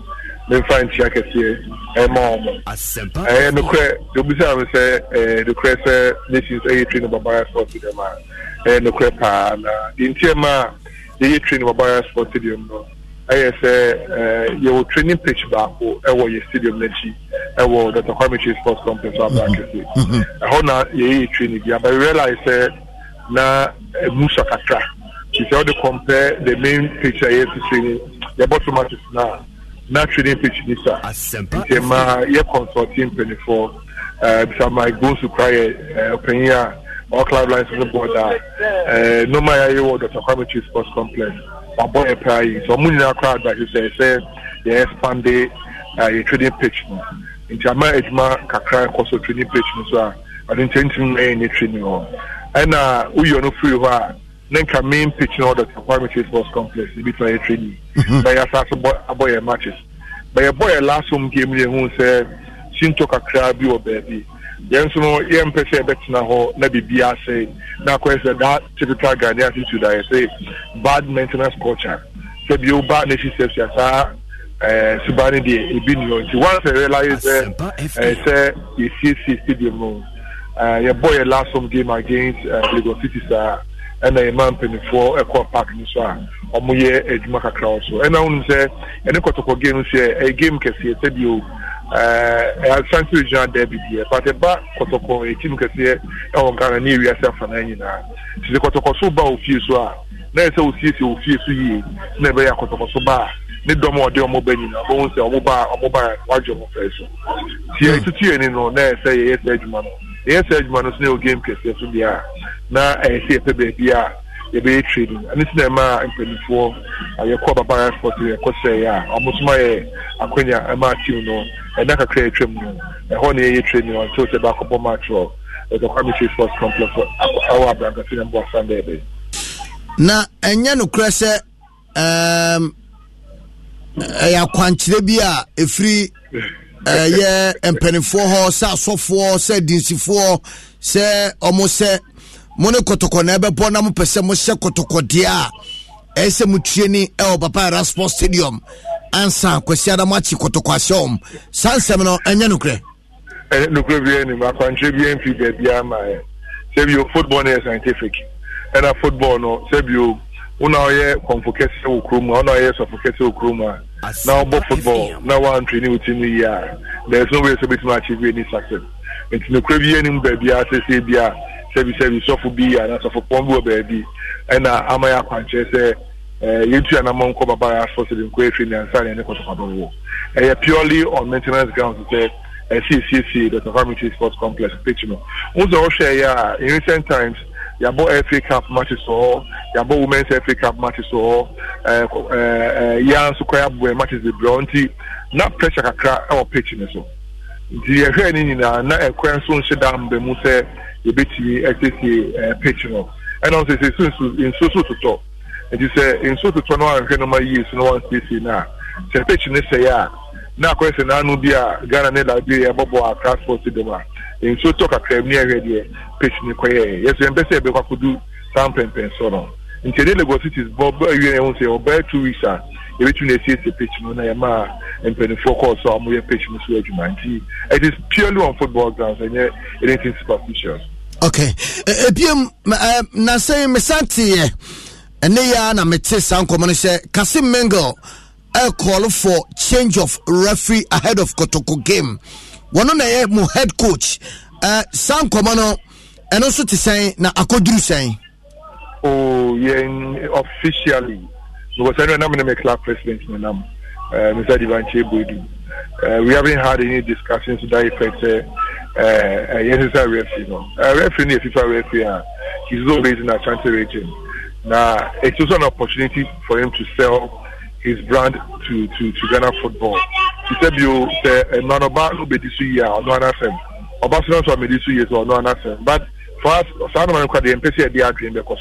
memfa nkyia kɛseɛ ɛma wɔn ɛyɛ nukurɛ obisa mi sɛ ɛɛ nukurɛ sɛ nations ɛyɛ train baba ara sports stadium a ɛyɛ nukurɛ paa na ntiɛ maa yɛyɛ train baba ara sports stadium no ɛyɛ sɛ yɛwɔ training pitch baako ɛwɔ yɛ stadium n'akyi ɛwɔ dr kwame chase sports complex wɔ abakɛse ɛhɔ na yɛyɛ training bi aba realize sɛ na ɛmu sɔ kakra ti sɛ ɔde compare the main pitch a yɛsi training yɛbɔ two matches na na training pitch ni sa nti ɛma yɛ consulting mpanyinfoɔ ɛɛ bisama igbonsu kura yɛ ɔpanyin a all club lines no board a ɛɛ noma yɛ ayɛ wɔ dr kwame chase sports complex wabɔ yɛ paa yi so ɔmo nyinaa koraa adahye sɛ sɛ yɛ expand uh, yɛ trading page no nti ama adwuma kakra kɔ so trading page no so a ɔde nkyɛnkyɛn ɛyɛ ne training hɔ ɛna woyɛ no firi hɔ a ne nka main page no ɔdɔ takwame chase sports complex ne bi yɛ training mhm. bɛyɛ asase bɔ abɔ yɛ matches bɛyɛ bɔ yɛ last home game yɛ ho sɛ shinto kakra bi wɔ baabi yẹn nso no yẹn mpɛ sɛ yɛbɛtena hɔ na biribi ase na akɔyɛ sɛ that typical ghanaian attitude a yɛsɛ bad maintenance culture sɛ bi oba na efi sɛ fiasa ɛɛ eh, suba ne deɛ ebi ni hɔ nti once i realize sɛ ɛɛ eh, sɛ yɛsiesie stadium no ɛɛ eh, yɛbɔ yɛ last home game against ɛɛ lagos city saa ɛna yɛma mpanyinfoɔ ɛkɔ park no so a wɔn yɛ adwuma kakra wɔ so ɛna wɔn sɛ ɛne kɔtɔkɔ game no so ɛyɛ game kɛseɛ sɛ bi o. central regional derby deɛ but ɛba kɔtɔkɔ etim kɛseɛ ɛwɔ ghana ne ewiase afanan nyinaa sisi kɔtɔkɔ so ba ofie so a na yɛ osiesie ofie so yie na ɛbɛyɛ akɔtɔkɔ so ba a ne dɔm a ɔde ɔmo ba nyinaa ɔmo sɛ ɔmo ba ɔmo ba ɔmo fɛ so etutu yɛ ni no na yɛ sɛ yɛyɛ sɛ adwuma no yɛyɛ sɛ adwuma no so na yɛ game kɛseɛ so na ɛyɛ sɛ yɛbɛyɛ trading ɛno nti na ɛma mpanimfoɔ yɛkɔ baba airport yɛkɔ sɛeɛ a ɔmo soma yɛ akwanya ma team no ɛna kakra yɛtwam no ɛhɔ na yɛyɛ training ɔntil sɛ bɛakɔbɔ match wɔ ɛdɛ kwame free sports complex ɛwɔ abrankase na mboasan dɛ ɛbɛyɛ na ɛnyɛ nokorɛ sɛ ɛyɛ akwankyerɛ bi a ɛfiri [laughs] ɛyɛ mpanimfoɔ hɔ sɛ asɔfoɔ sɛ adinsifoɔ sɛ ɔmo sɛ mo ne kɔtɔkɔ na ɛbɛbɔ na mopɛ sɛ mohyɛ kɔtɔkɔdeɛ a ɛyɛ sɛ motue ni ɛwɔ papa ara sport stadium ansa kwasi adam akyi kɔtɔkɔ ahyɛ wɔm saa nsɛm no ɛnyɛ nokorɛ nokorɛ bia nim akwankyerɛ bia mfi baabia ama ɛ sɛ bio football no yɛ scientific ɛna football no sɛ bio wona ɔyɛ kɔmfo kɛseɛ wɔ kurom a wona ɔyɛ sɔfo kɛseɛ wɔ kurom a na wobɔ football na woantrɛ ne wo tim no yie a there's no way sɛ wobɛtumi achieve any success nti nokorɛ bia nim baabia sɛsɛ bia sɛbisɛbi sɔfo bi anasɔfo pɔn bi wɔ baabi ɛna ama yɛ akwankyerɛ eh, sɛ ɛɛ yɛtu anamɔ nkɔ baba yɛ asɔ sɛbi nkɔ efi ne ansa ne ne eh, kɔtɔkɔtɔ wɔ ɛyɛ purely on maintenance grounds sɛ ɛsi eh, esiesie the safari sports complex pitch no n sɛ ɔhwɛ yɛ a in recent times yabɔ fa cup matches wɔ yabɔ women's fa cup matches wɔ ɛɛ ɛɛ yɛn nso kɔ yabɔ matches bebree ɔnti na pressure kakra ɛwɔ pitch ne so nti yɛhwɛ ne nyinaa na ɛkɔ nso nhyɛ dan mbɛ mu sɛ yɛbɛtumi asiesie eh, ɛɛ pitch no ɛna nso sɛ nso nso so totɔ nti sɛ nso totɔ no ahwɛ no ma yie so na wansiesie no a sɛ pitch ne sɛɛ a na akɔyɛ sɛ n'ano bi a ghana ne liberia bɔbɔ a sports dom a nso tɔ kakra mu ne ahwɛ deɛ pitch ne kɔyɛ yɛsɛ mpɛ sɛ ɛbɛkɔ akɔdu saa mpɛmpɛn so no nti ɛde lagos cities bɔ bɔ awie na ɛho sɛ ɔbɛyɛ two weeks a yɛbɛtumi na asiesie pitch no na yɛma mpanimfoɔ kɔɔ so a wɔyɛ pitch no so adwuma nti it is purely on football grounds ɛnyɛ anything superficial okay ebiem na sɛ mesan teɛ ɛne yɛ na mete saa nkɔmmɔ no sɛ kasim mengel ɛkɔl for change of referee ahead of kotoko game wɔno na ɛyɛ mo head coach uh, saa nkɔmmɔ no ɛno nso te sɛn na akɔduru sɛn oh, yɛn officially mewɔ sɛ no ɛnam ne me club president no nam uh, mesa divanche bodu uh, we haven't had any discussions to that effect. Uh, uh, yes, it's a referee. No, a referee, no, FIFA referee. Uh, he's always in Ashanti region. Now, it's also an opportunity for him to sell his brand to to, to Ghana football. He said, "You say eh, Manoba no be this year, no anasem. Obasanjo so be this year, so no anasem." But for us, Sanu Manu the MPC, they are dreaming because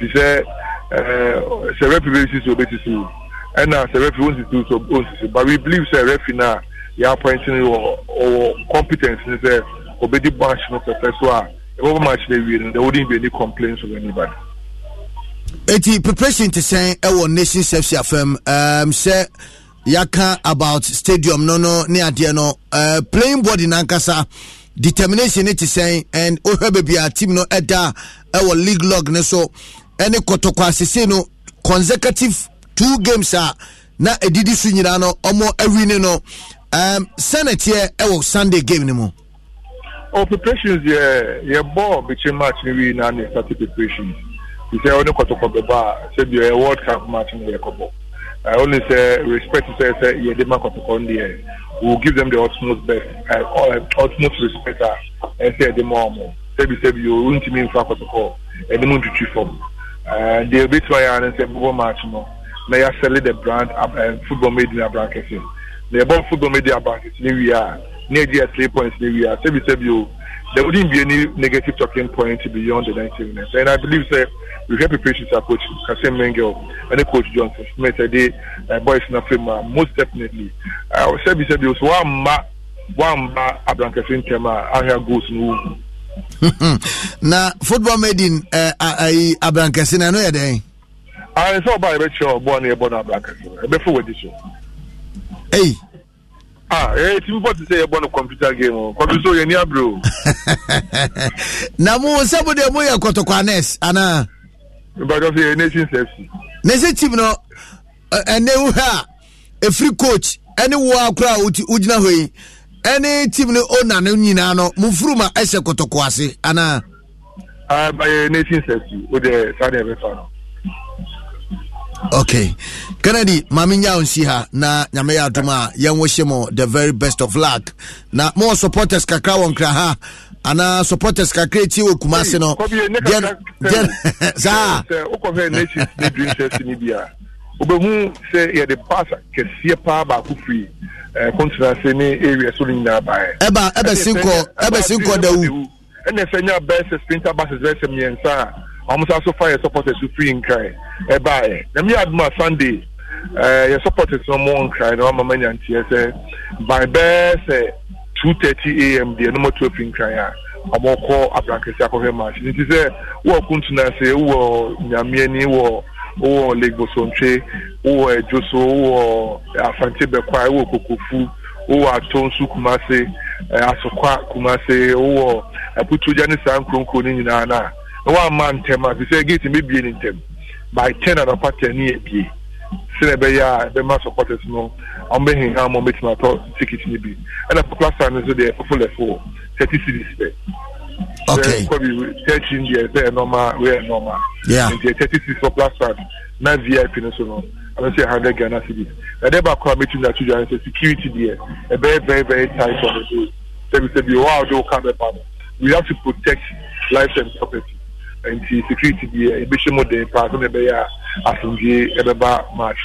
he said, eh, "Say referee, this is obey to ɛna sɛ refi onsisi so onsisi but we believe sɛ refi na yɛ appointing wɔ wɔ competence ni sɛ obedi match no pɛpɛ so a ɛbɛbɔ match na ewie no there wouldn't be any complaints from anybody. eti preparation ti sɛn ɛwɔ nation sefsi afɛm um, sɛ yaka about stadium no no ne adeɛ no uh, playing body nankasa determination ne ti sɛn and ohwɛ baabi a team no ɛda ɛwɔ eh, league log ne so ɛne kɔtɔkɔ asese no consecutive two games a na ɛdidi so nyinaa no ɔmo awini no um, sɛnɛteɛ ɛwɔ sunday game ni mu oh, preparations yɛ yɛbɔ bɛkyɛ match no wii na ne start preparations ti sɛ ɔne kɔtɔkɔ bɛbɔ a sɛdeɛ ɛyɛ world cup match no yɛkɔbɔ ɔne sɛ respect sɛ sɛ yɛde ma kɔtɔkɔ no deɛ we will give them the utmost best uh, uh utmost respect a ɛsɛ yɛde ma ɔmo sɛbi sɛbi o ntumi nfa kɔtɔkɔ ɛne mu ntutu fam deɛ ɛbɛtumi ayɛ ano sɛ bɔbɔ match no na yɛasɛle the brand uh, uh football media brand kɛse na yɛbɔ football media brand kɛse ne wie a ne agye yɛ three points ne wie a sɛbi sɛbi o there wouldn't be any negative talking point beyond the ninety minutes and i believe say we hear preparation to coach kasim mengel and coach johnson smith ɛde uh, boys na fam a most definitely uh, sɛbi sɛbi o so wamma wamma abrankɛse ntɛm a ahia goals no wo [laughs] na football media uh, uh, abrankɛse na ɛno yɛ dɛn Ayi sọ ọba yẹ bẹ tí ọ bọ ọ ní ẹ bọ náà abúlé fún wẹdi eyi. ah ee tí mi bọ́ ti sẹ́ yẹ bọ́ ní kọ̀mpútà géèmù o kọ̀mpútà yẹ ní abúlé o. na mu sẹ́mu de mu yẹ kọ̀tọ̀kọ̀ anẹ́s ana. ìbàdàn fi yẹ nation safety. nation team no ẹnẹ wu ha efiri coach ẹni wo akora o gyina hɔ yi ɛne team no ona no nyinaa no mu ma ɛhyɛ kɔtɔkɔ ase ana. ah nation safety o de saa de fa no. okay kennedy maame nya wo nsi ha na nyame yɛ adom a yɛnwo hyɛ mo the very best of luck na mowɔ supporters kakra wɔ nkra ha anaa supporters kakra ti wɔ kuma ase no saa [laughs] wobɛhu sɛ yɛde bas kɛseɛ paa baako firi kontinase eh, ne area so no nyinaa baɛ ɛbɛsi nkɔ dawu ɛnɛ sɛ nya bɛsɛ sprinter bases bɛsɛ mmiɛnsa a ɔmo sa so fa yɛ supporters firi nkran ɛbaeɛ na mi aduma sunday ɛɛ yɛ supporters no mo nkran na wama ma nyanteɛ sɛ by bɛɛ sɛ two thirty am deɛ no mo to fi nkran a ɔmo kɔ abrankɛse akɔhwɛ match ne ti sɛ wɔ kuntuna se wɔ nyamiani wɔ wɔ lake bosontwe wɔ ɛdwo so wɔ afante bɛkwa wɔ kokofu wowɔ atonso kumase asokwa kumase wowɔ aputogya ne saa nkronkron no nyinaa no one man ntɛm a sɛ gate bɛbie ne ntɛm by ten and anɔpa ten ne yɛbie sɛnɛ ɛbɛyɛ a bɛma supporters no ɔmbɛhenham ma ɔmbɛtumi atɔ ticket no bi ɛna plasa no nso deɛ fofo thirty cities pɛ okay kɔbi thirteen deɛ sɛ ɛnɔma wɛ ɛnɔma nti thirty six for plasa na vip no so no ɛno sɛ hundred ghana cities ɛdɛ baako a mɛtumi na tudwa sɛ security deɛ ɛbɛyɛ very very tight on the road sɛbi sɛbi wɔ we have to protect lives and property nti security deɛ ebɛhyɛ mu den paa sɛnɛ ɛbɛyɛ a asomdwe ɛbɛba march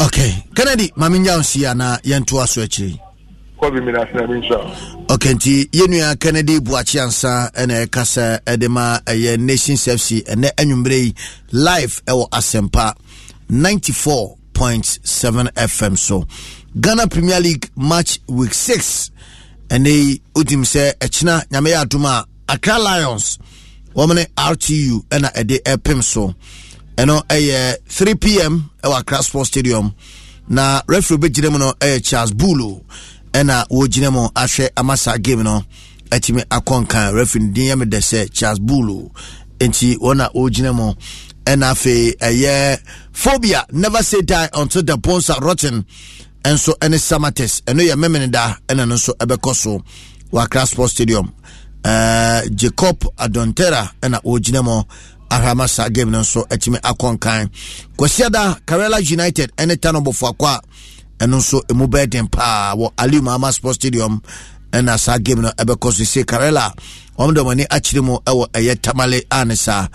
okay kennedy maame nya osi ana yɛntoa so akyiri kɔbi mi n'asena mi nsira. nti yɛnua kennedy buakye ansa ɛna ɛkasa ɛde ma ɛyɛ nation fc ɛnɛ ɛnwummerɛ yi live ɛwɔ asɛmpa ninety four point seven fm so ghana premier league match week six ɛnɛ yi o sɛ ɛkyina nyame yɛ adum a accra lions wɔn ne rtu ɛna ɛde ɛpem so ɛno ɛyɛ 3 pm ɛwɔ accra sports stadium na referee bɛgyina mu no ɛyɛ charles Bulu ɛna wɔgyina mu ahwɛ amasa game no atumi akɔ nkan referee no din yɛ me dɛ sɛ charles Bulu nti wɔn a wɔgyina mu ɛna afei ɛyɛ phobia never say die until the bones are rotten ɛnso ɛne samates ɛno yɛ memeneda ɛna no nso ɛbɛkɔ so wɔ accra sports stadium Eh, jacob adontera ɛna ɔgyina mu ahama saa game no nso atumi akɔ nkan kwasiada carela united ɛne tanobɔfo akɔ a ɛno nso ɛmu bɛɛ den paa wɔ aliu mahama sport stadium ɛna saa game no ɛbɛkɔ so se carela wɔn de wɔn ani mu ɛwɔ ɛyɛ tamale a ne saa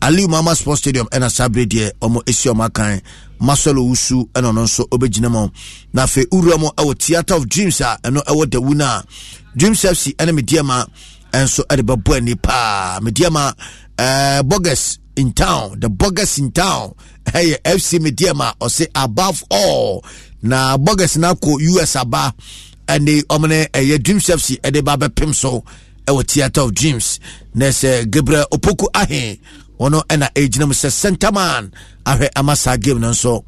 aliu mahama sport stadium ɛna saa bere deɛ wɔn esi wɔn akan masolo wusu ɛna ɔno nso ɔbɛgyina mu na afei wura mu ɛwɔ theatre of dreams a ɛno ɛwɔ the wuna dreams fc ɛne mediama nso ɛde bɛbɔ ani paa mediama uh, eh, bogus in town the bogus in town ɛyɛ hey, fc mediama ɔse above all na bogus no akɔ us aba ɛne ɔmne eh, ɛyɛ dreams fc ɛde ba bɛpem so ɛwɔ eh, theatre of dreams na se gabriel opoku ahe ɔno ɛna ɛgyina mu sɛ centerman ahwɛ ama saa game no nso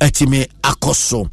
atumi akɔ so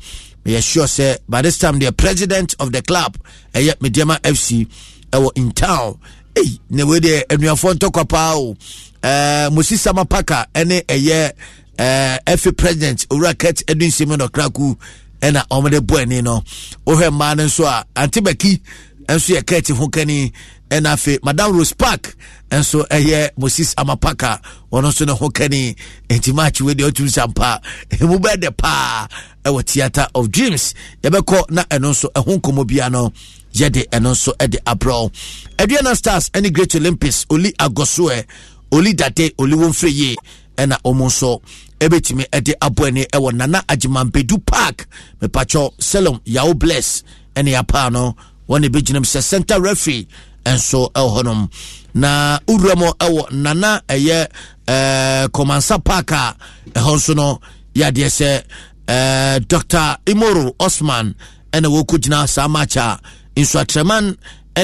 meyɛ sure sɛ by this time the president of the club ɛyɛ mediama fc ɛwɔ in town ei na wei deɛ anuafoɔ ntɔkwa paa o ɛɛ mosi sama paka ɛne ɛyɛ ɛɛ ɛfi president owura kɛt ɛdun sɛmi na ɔkraku ɛna wɔn de bɔ ɛni no wohɛ mmaa no nso a ante bɛki nso yɛ kɛt ho kani ɛna afei madam rose park nso ɛyɛ moses amapaka wɔn nso ne ho kani ntima akyiwe deɛ ɔtum sampa emu bɛɛ de paa ɛwɔ theatre of dreams yɛbɛkɔ na ɛno nso ɛho nkɔmɔ bia no yɛde ɛno nso de abrɛ aduana stars ne great olympics oli agosoɛ oli dade oli wɔmfrɛ yie ɛna wɔn nso ɛbɛtumi de abɔ ani wɔ nana agyemanpedu park mepatwɔ selom yahoo bless ne apaa no wɔn ɛbɛgyinam sɛ center referee nso ɛwɔ hɔnom na owura mu ɛwɔ nana ɛyɛ ɛɛ eh, kɔmansa park a ɛhɔ nso no yɛ sɛ ɛɛ eh, dr imoro osman ɛna wɔkɔgyina saa match a nsuatraman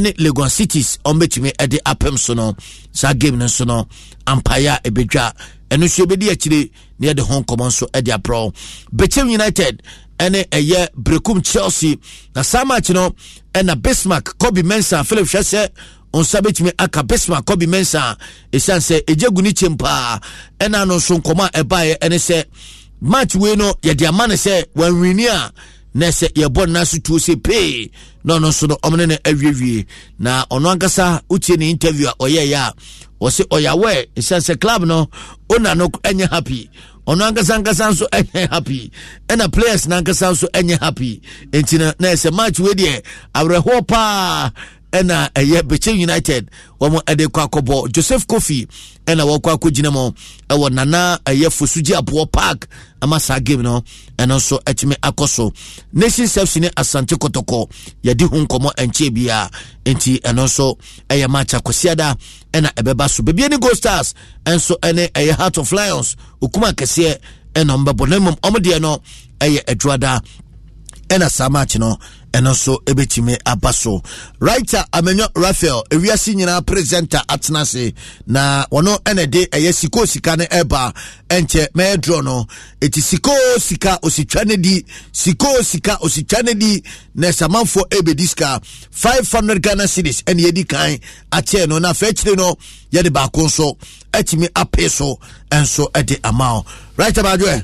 ne lagos cities ɔmbɛtumi de apem so no saa game no nso no ampaeɛ a ɛbɛdwa ɛno nso yɛbɛdi akyire na yɛde ho nkɔmmɔ nso de aprɔ bɛkyɛm united ne ɛyɛ brekum chelsea na saa match no ɛna bismark kobe mensa philip hwɛ sɛ nsa bɛtumi aka bismark kobe mensa ɛsiane sɛ ɛgya gu ne kyɛm paa ɛna no nso nkɔmmɔ a ɛbaeɛ ne sɛ match wei no yɛde ama no sɛ wanwini a na sɛ yɛbɔ no naso tuo sɛ pee na ɔno nso no ɔmne no awiewie na ɔno ankasa wotie ne interview a ɔyɛyɛ a ɔse ɔyawɛ ɛsiane sɛ club no ona no ɛnyɛ happy ɔno ankasa ankasa nso ɛnyɛ happy ɛna players no ankasa nso ɛnyɛ happy enti no na ɛsɛ match wei deɛ awerɛhoɔ paa ɛna ɛyɛ bɛkyɛ united wɔn ɛde kɔ akɔbɔ joseph kofi ɛna wɔkɔ akɔgyina mu ɛwɔ nana ɛyɛ fosugye aboɔ park ama saa game no ɛno nso ɛtumi akɔ so nation service ne asante kɔtɔkɔ yɛde ho nkɔmɔ ɛnkyɛn bia nti ɛno nso ɛyɛ match akɔsiada ɛna ɛbɛba so beebi ne gold stars ɛnso ɛne ɛyɛ heart of lions okuma akɛseɛ ɛna ɔmo bɛbɔ na mmom ɔmo deɛ no ɛyɛ adwada ɛna saa match no ɛno nso ɛbɛtumi aba so writer amanyɔ raphael ewiase nyinaa presenter atena ase na wɔno ɛna de ɛyɛ sikoo sika no ɛba ɛnkyɛ mɛyɛ dorɔ no ɛti sikoo sika ositwa no di sikoo sika ositwa no di na samanfoɔ ɛbɛdi sika five hundred ghana cities ɛne yɛdi kan akyɛɛ no na afei no yɛde baako nso atumi apee so ɛnso ɛde ama o writer baadwoɛ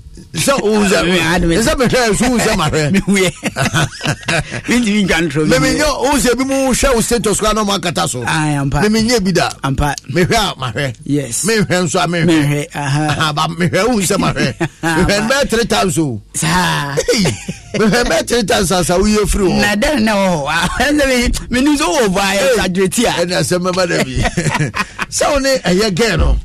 sɛ wohu [laughs] sɛsɛ mehwɛ so wohu sɛ mahwɛmeminya [laughs] [laughs] wohu bi mu hwɛ wo status koa na makata so memenya bi da mehwɛ a mahwɛ menhwɛ nso a mehwɛ mehwɛ sɛ mahwɛ mehwɛ no bɛyɛ tre times o mehwɛ bɛyɛ tre times asa woyɛ firi hɔ sɛ wowɔ bɔ sadwerɛti a ɛna mɛma da bi sɛ wo ne ɛyɛ gɛ no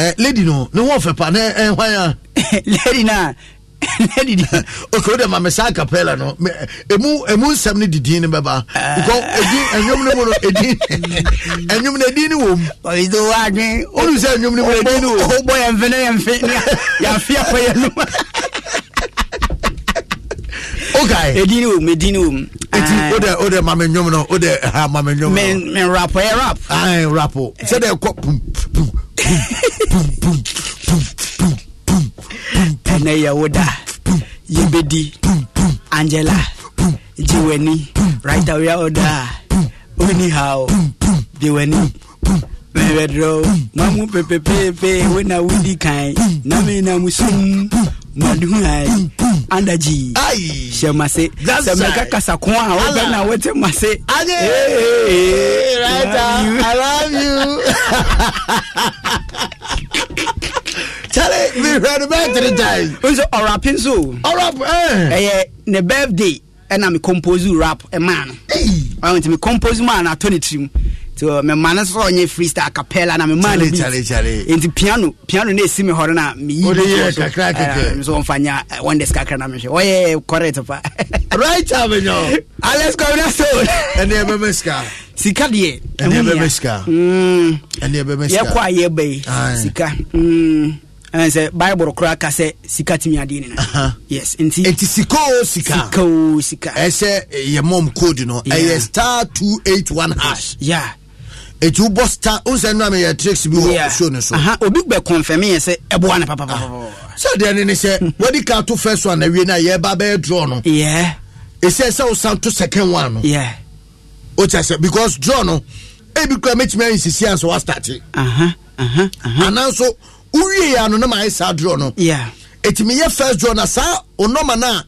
Eh, lady no ne ho fɛ pa ne eh, uh? a [laughs] lady na [laughs] lady di [laughs] okay wode ma me saa capella no emu emu nsɛm no didin ne bɛba ah. because edin eh, eh, ɛnwom ne mu no edin ɛnwom no edin ne wɔ mu ɔyɛ sɛ wadwen ɔnu sɛ ɛnwom ne mu edin ne wɔ mu ɔbɔ yɛn fɛ ne yɛn fɛ yɛn fɛ akɔ no okay edini wo mu edini wo mu. eti o de o no o ha maame nyom no. rap ɛ rap. ayi rap o sɛ de kɔ pum pum pum pum pum pum pum pum. ɛnɛ yɛ wo da yebedi angela jiwani right away o da oni jiwani mɛbɛdrɛ ma mu pepepepe wo na wodi kan na me na mu sum maduhu ae andagyi hyɛ ma se sɛ mɛka kasako a wobɛ na wote ma se Charlie, we heard about three times. Nso ɔrapi nso. ɔrapi ɛɛ. Ɛyɛ ne birthday ɛna mi compose rap ɛmaa eh, no. Ɛyi. Ɔyɛ ntumi compose mu na atɔ ne so oh, mema no nso ɔnyɛ freestar capella na mema no enti piano piano na ɛsi me hɔ na meyiso ɔmfa eh, nya wonders eh, kakra na mehwɛ ɔyɛ correct pa [laughs] right alex ah, [laughs] sika mm. sika a yɛba sika sɛ bible koraa ka sɛ sika tumi adeɛ ne no yes sika sika ɛsɛ eh, mom code no ɛyɛ star 281 hash yeah etu bɔ star o nsɛn nua mi yɛ tricks bi wɔ show ne so. obi gbɛ kɔnfɛmi yɛ sɛ ɛbɔ ana papapa. Ah. sɛdeɛ ni ni sɛ wɔde kaa to first one na wie na yɛ ba bɛyɛ draw no. esi e ɛsɛ o san to second one no. o kyɛ sɛ because draw no ebi kura mɛtumi ayi sisi anso wa start. E. ananso uwie yɛ ano ne ma ayɛ e saa draw no. etimi yɛ first draw na sa onoma naa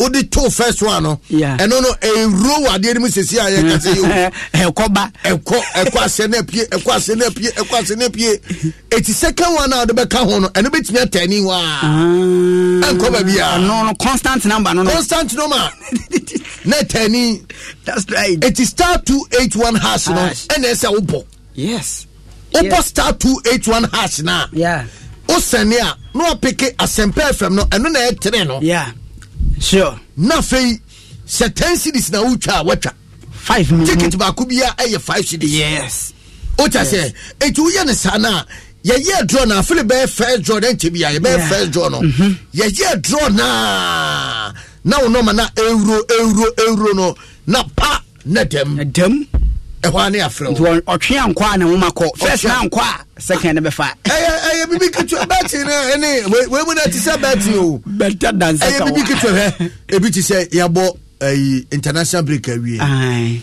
wode too first one no ɛno no ɛwuro wɔ adeɛ no mu sesi a yɛka sɛ yɛ ɛkɔ ba ɛkɔ ɛkɔ asɛ no apie ɛkɔ asɛ no apie ɛkɔ asɛ no apie ɛti [laughs] second one a wode bɛka ho no ɛno bɛtumi atani hɔ a ɛnkɔ baabi a no no constant number no constant number na atani that's right ɛti star two eight one hash no ɛna ɛsɛ wobɔ yes wobɔ star two eight one hash O no a wosɛne a na wapeke asɛmpa fm no ɛno na ɛtere no yeah sure na afei sɛ ten cities na wotwa a watwa five ticket baako bia ɛyɛ five cities yes wota sɛ ɛti woyɛ no saa no a yɛyɛ draw no afele bɛyɛ first draw no nkyɛ bia yɛbɛyɛ first draw no mm-hmm. yɛyɛ draw no a na wo nɔma na ɛwuro ɛwuro ɛwuro no na pa na dɛm dɛm ɛhɔ ne afrɛ nti ɔtwe ankɔ a ne nwoma kɔ first na ankɔ a second ne bɛfa [laughs] ɛyɛ ɛyɛ bibi ketewa bɛti no ɛne wei mu no ti sɛ bɛti o bɛta dansa ka ɛyɛ bibi ketewa hɛ ebi ti sɛ yɛbɔ ɛyi international break awie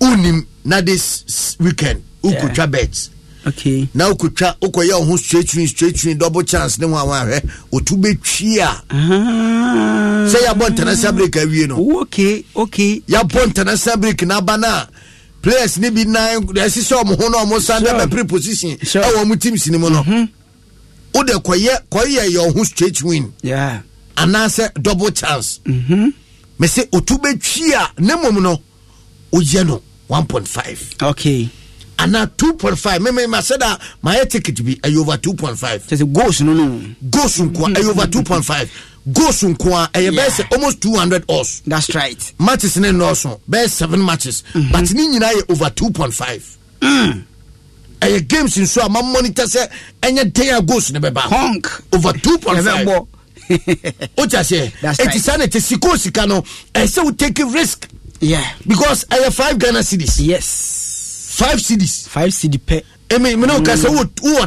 unim na this weekend ukutwa bet okay na ukutwa ukɔyɛ ɔho straight win straight win double chance ne ho awon ahwɛ otu betwi a ah. sɛ yɛbɔ international break awie no okay okay yɛbɔ international break n'aba na players ni bi nan ɛsisɛ ɔmo ho na ɔmo san dɛ bɛpere position ɛwɔ ɔmo teams ni mu no o de kɔyɛ kɔyɛ yɛ ɔho straight win yeah. anaasɛ double chance mɛ sɛ otu bɛ twi a ne mom no o yɛ no one point five. okay. ana two point five mímí ma sẹ́ da ma yẹ ticket bi ẹ̀ yóò over two point five. sẹ́sẹ̀ goals nínú. goals nkwa ẹ̀ yóò over two point five goals nko a ɛyɛ bɛyɛ sɛ almost two hundred ɔs. that's right. matches ne nɔɔso bɛyɛ seven matches. Mm-hmm. but ne nyinaa yɛ over two point five. Mm. ɛyɛ games nso a ma monitor sɛ ɛnyɛ den a goals ne bɛba. honk over two point five. ɛbɛ bɔ. [laughs] o ti a seɛ eti sanni eti siko sika no ɛsɛ o take risk. yeah because ɛyɛ five ghana cedis. yes. five cedis. five cedi pɛ. emi mi n'o ka sɛ mm. wo wo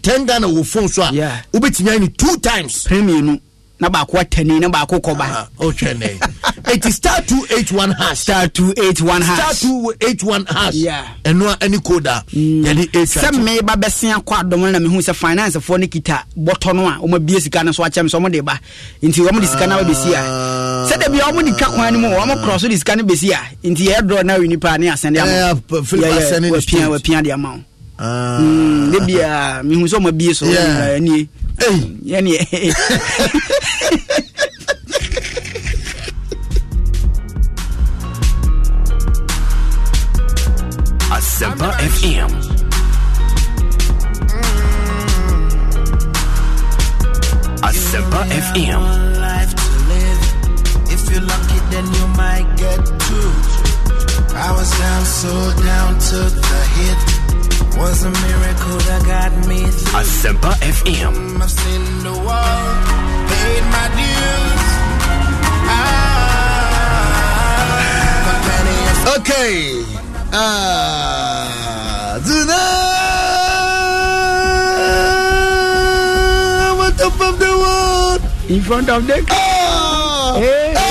ten ghana wo phone so a. yeah. o bɛ ti ɲa ni two times. Premium na baako atani na baako kɔba. ɔtwɛnɛ eti star two eight one hash. star two eight one hash. star two eight one hash. ɛnua ɛni koda. Mm. yɛde etwa. sɛ mi ba bɛ sin akɔ adɔm na mi hu sɛ finance fo ne kita bɔtɔ no a wɔn abie sika no so akyɛm so wɔn de ba nti wɔn de sika na wɔn bɛ si a ah. sɛ dɛbi wɔn de twa kwan no mu wɔn kɔrɔ so de sika no bɛ si a nti yɛ dɔ na nipa ne asɛn de ama. ɛɛ philip asɛn ne de street yɛ yɛ wɔpia de ama wɔn. ne bia mihu sɛ ɔma bie so ɛnie [laughs] Asimba FM. Asimba FM. Life to live. If you're lucky, then you might get two. I was down, so down, to the hit. Was a miracle that got me A FM. I've seen the world, paid my dues. Ah, okay. Ah, tonight, top of the world. In front of the. car. Ah. hey. Oh,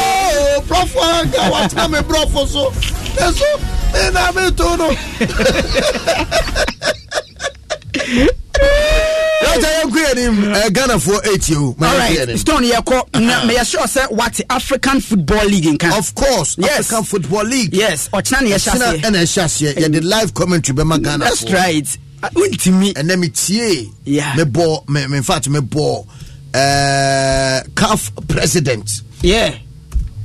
Prof. what time, Prof. So, that's so. And i [laughs] Eh, ghanafoɔ ɛtie o alright stone yɛkɔ na meyɛ sure sɛ wate african football league nka of course yes. african football league yes ɔkyena ne yɛhyɛ aseɛ ɛna ɛhyɛ aseɛ yɛde live commentary bɛma mm, ghana that's right wontimi ɛnɛ metie mebɔ meinfact mebɔ uh, eh, caf president yeah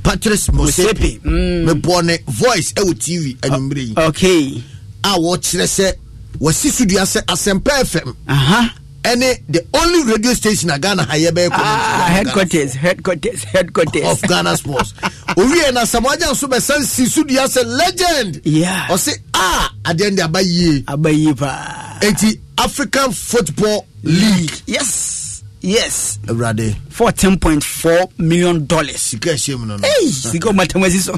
patrice mosepe mm. mebɔ ne voice ɛwɔ eh, tv anwummerɛ yi okay a wɔkyerɛ sɛ wasi sodua sɛ asɛmpa fm uh-huh ɛne the only radio station a ghana ha yɛbɛyɛ ah, headquarters headquarters headquarters of ghana sports [laughs] owie na samoagya nso bɛsan si so dua sɛ legend yeah. ɔse a ah, adeɛ de aba yie aba yie paa enti african football league yes yes awurade fourteen point four million dollars. sika ɛhyɛ mu no no ee sika ɔmo atamasi so.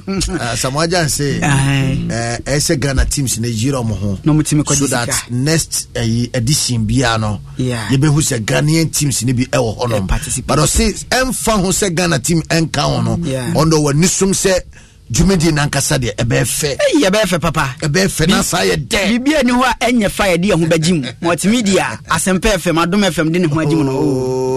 samoa janse ɛɛ ɛsɛ ghana teams ne yiri ɔmo ho na ɔmo timi kɔgye sika that next ɛyi eh, edition biara no yɛbɛhu sɛ ghanaian teams ne bi ɛwɔ hɔ nom but ɔsi ɛnfa ho sɛ ghana team ɛnka ho no ɔno wɔ nisum sɛ dwumadi nankasa deɛ ɛbɛɛ fɛ yɛbɛɛ fɛ papa ɛbɛɛ fɛ na saa yɛ dɛ biribia ni hɔ a ɛnyɛ fa yɛde yɛ ho bɛgye mu multimedia [laughs] asɛmpa fm adom fm de ne ho agye mu no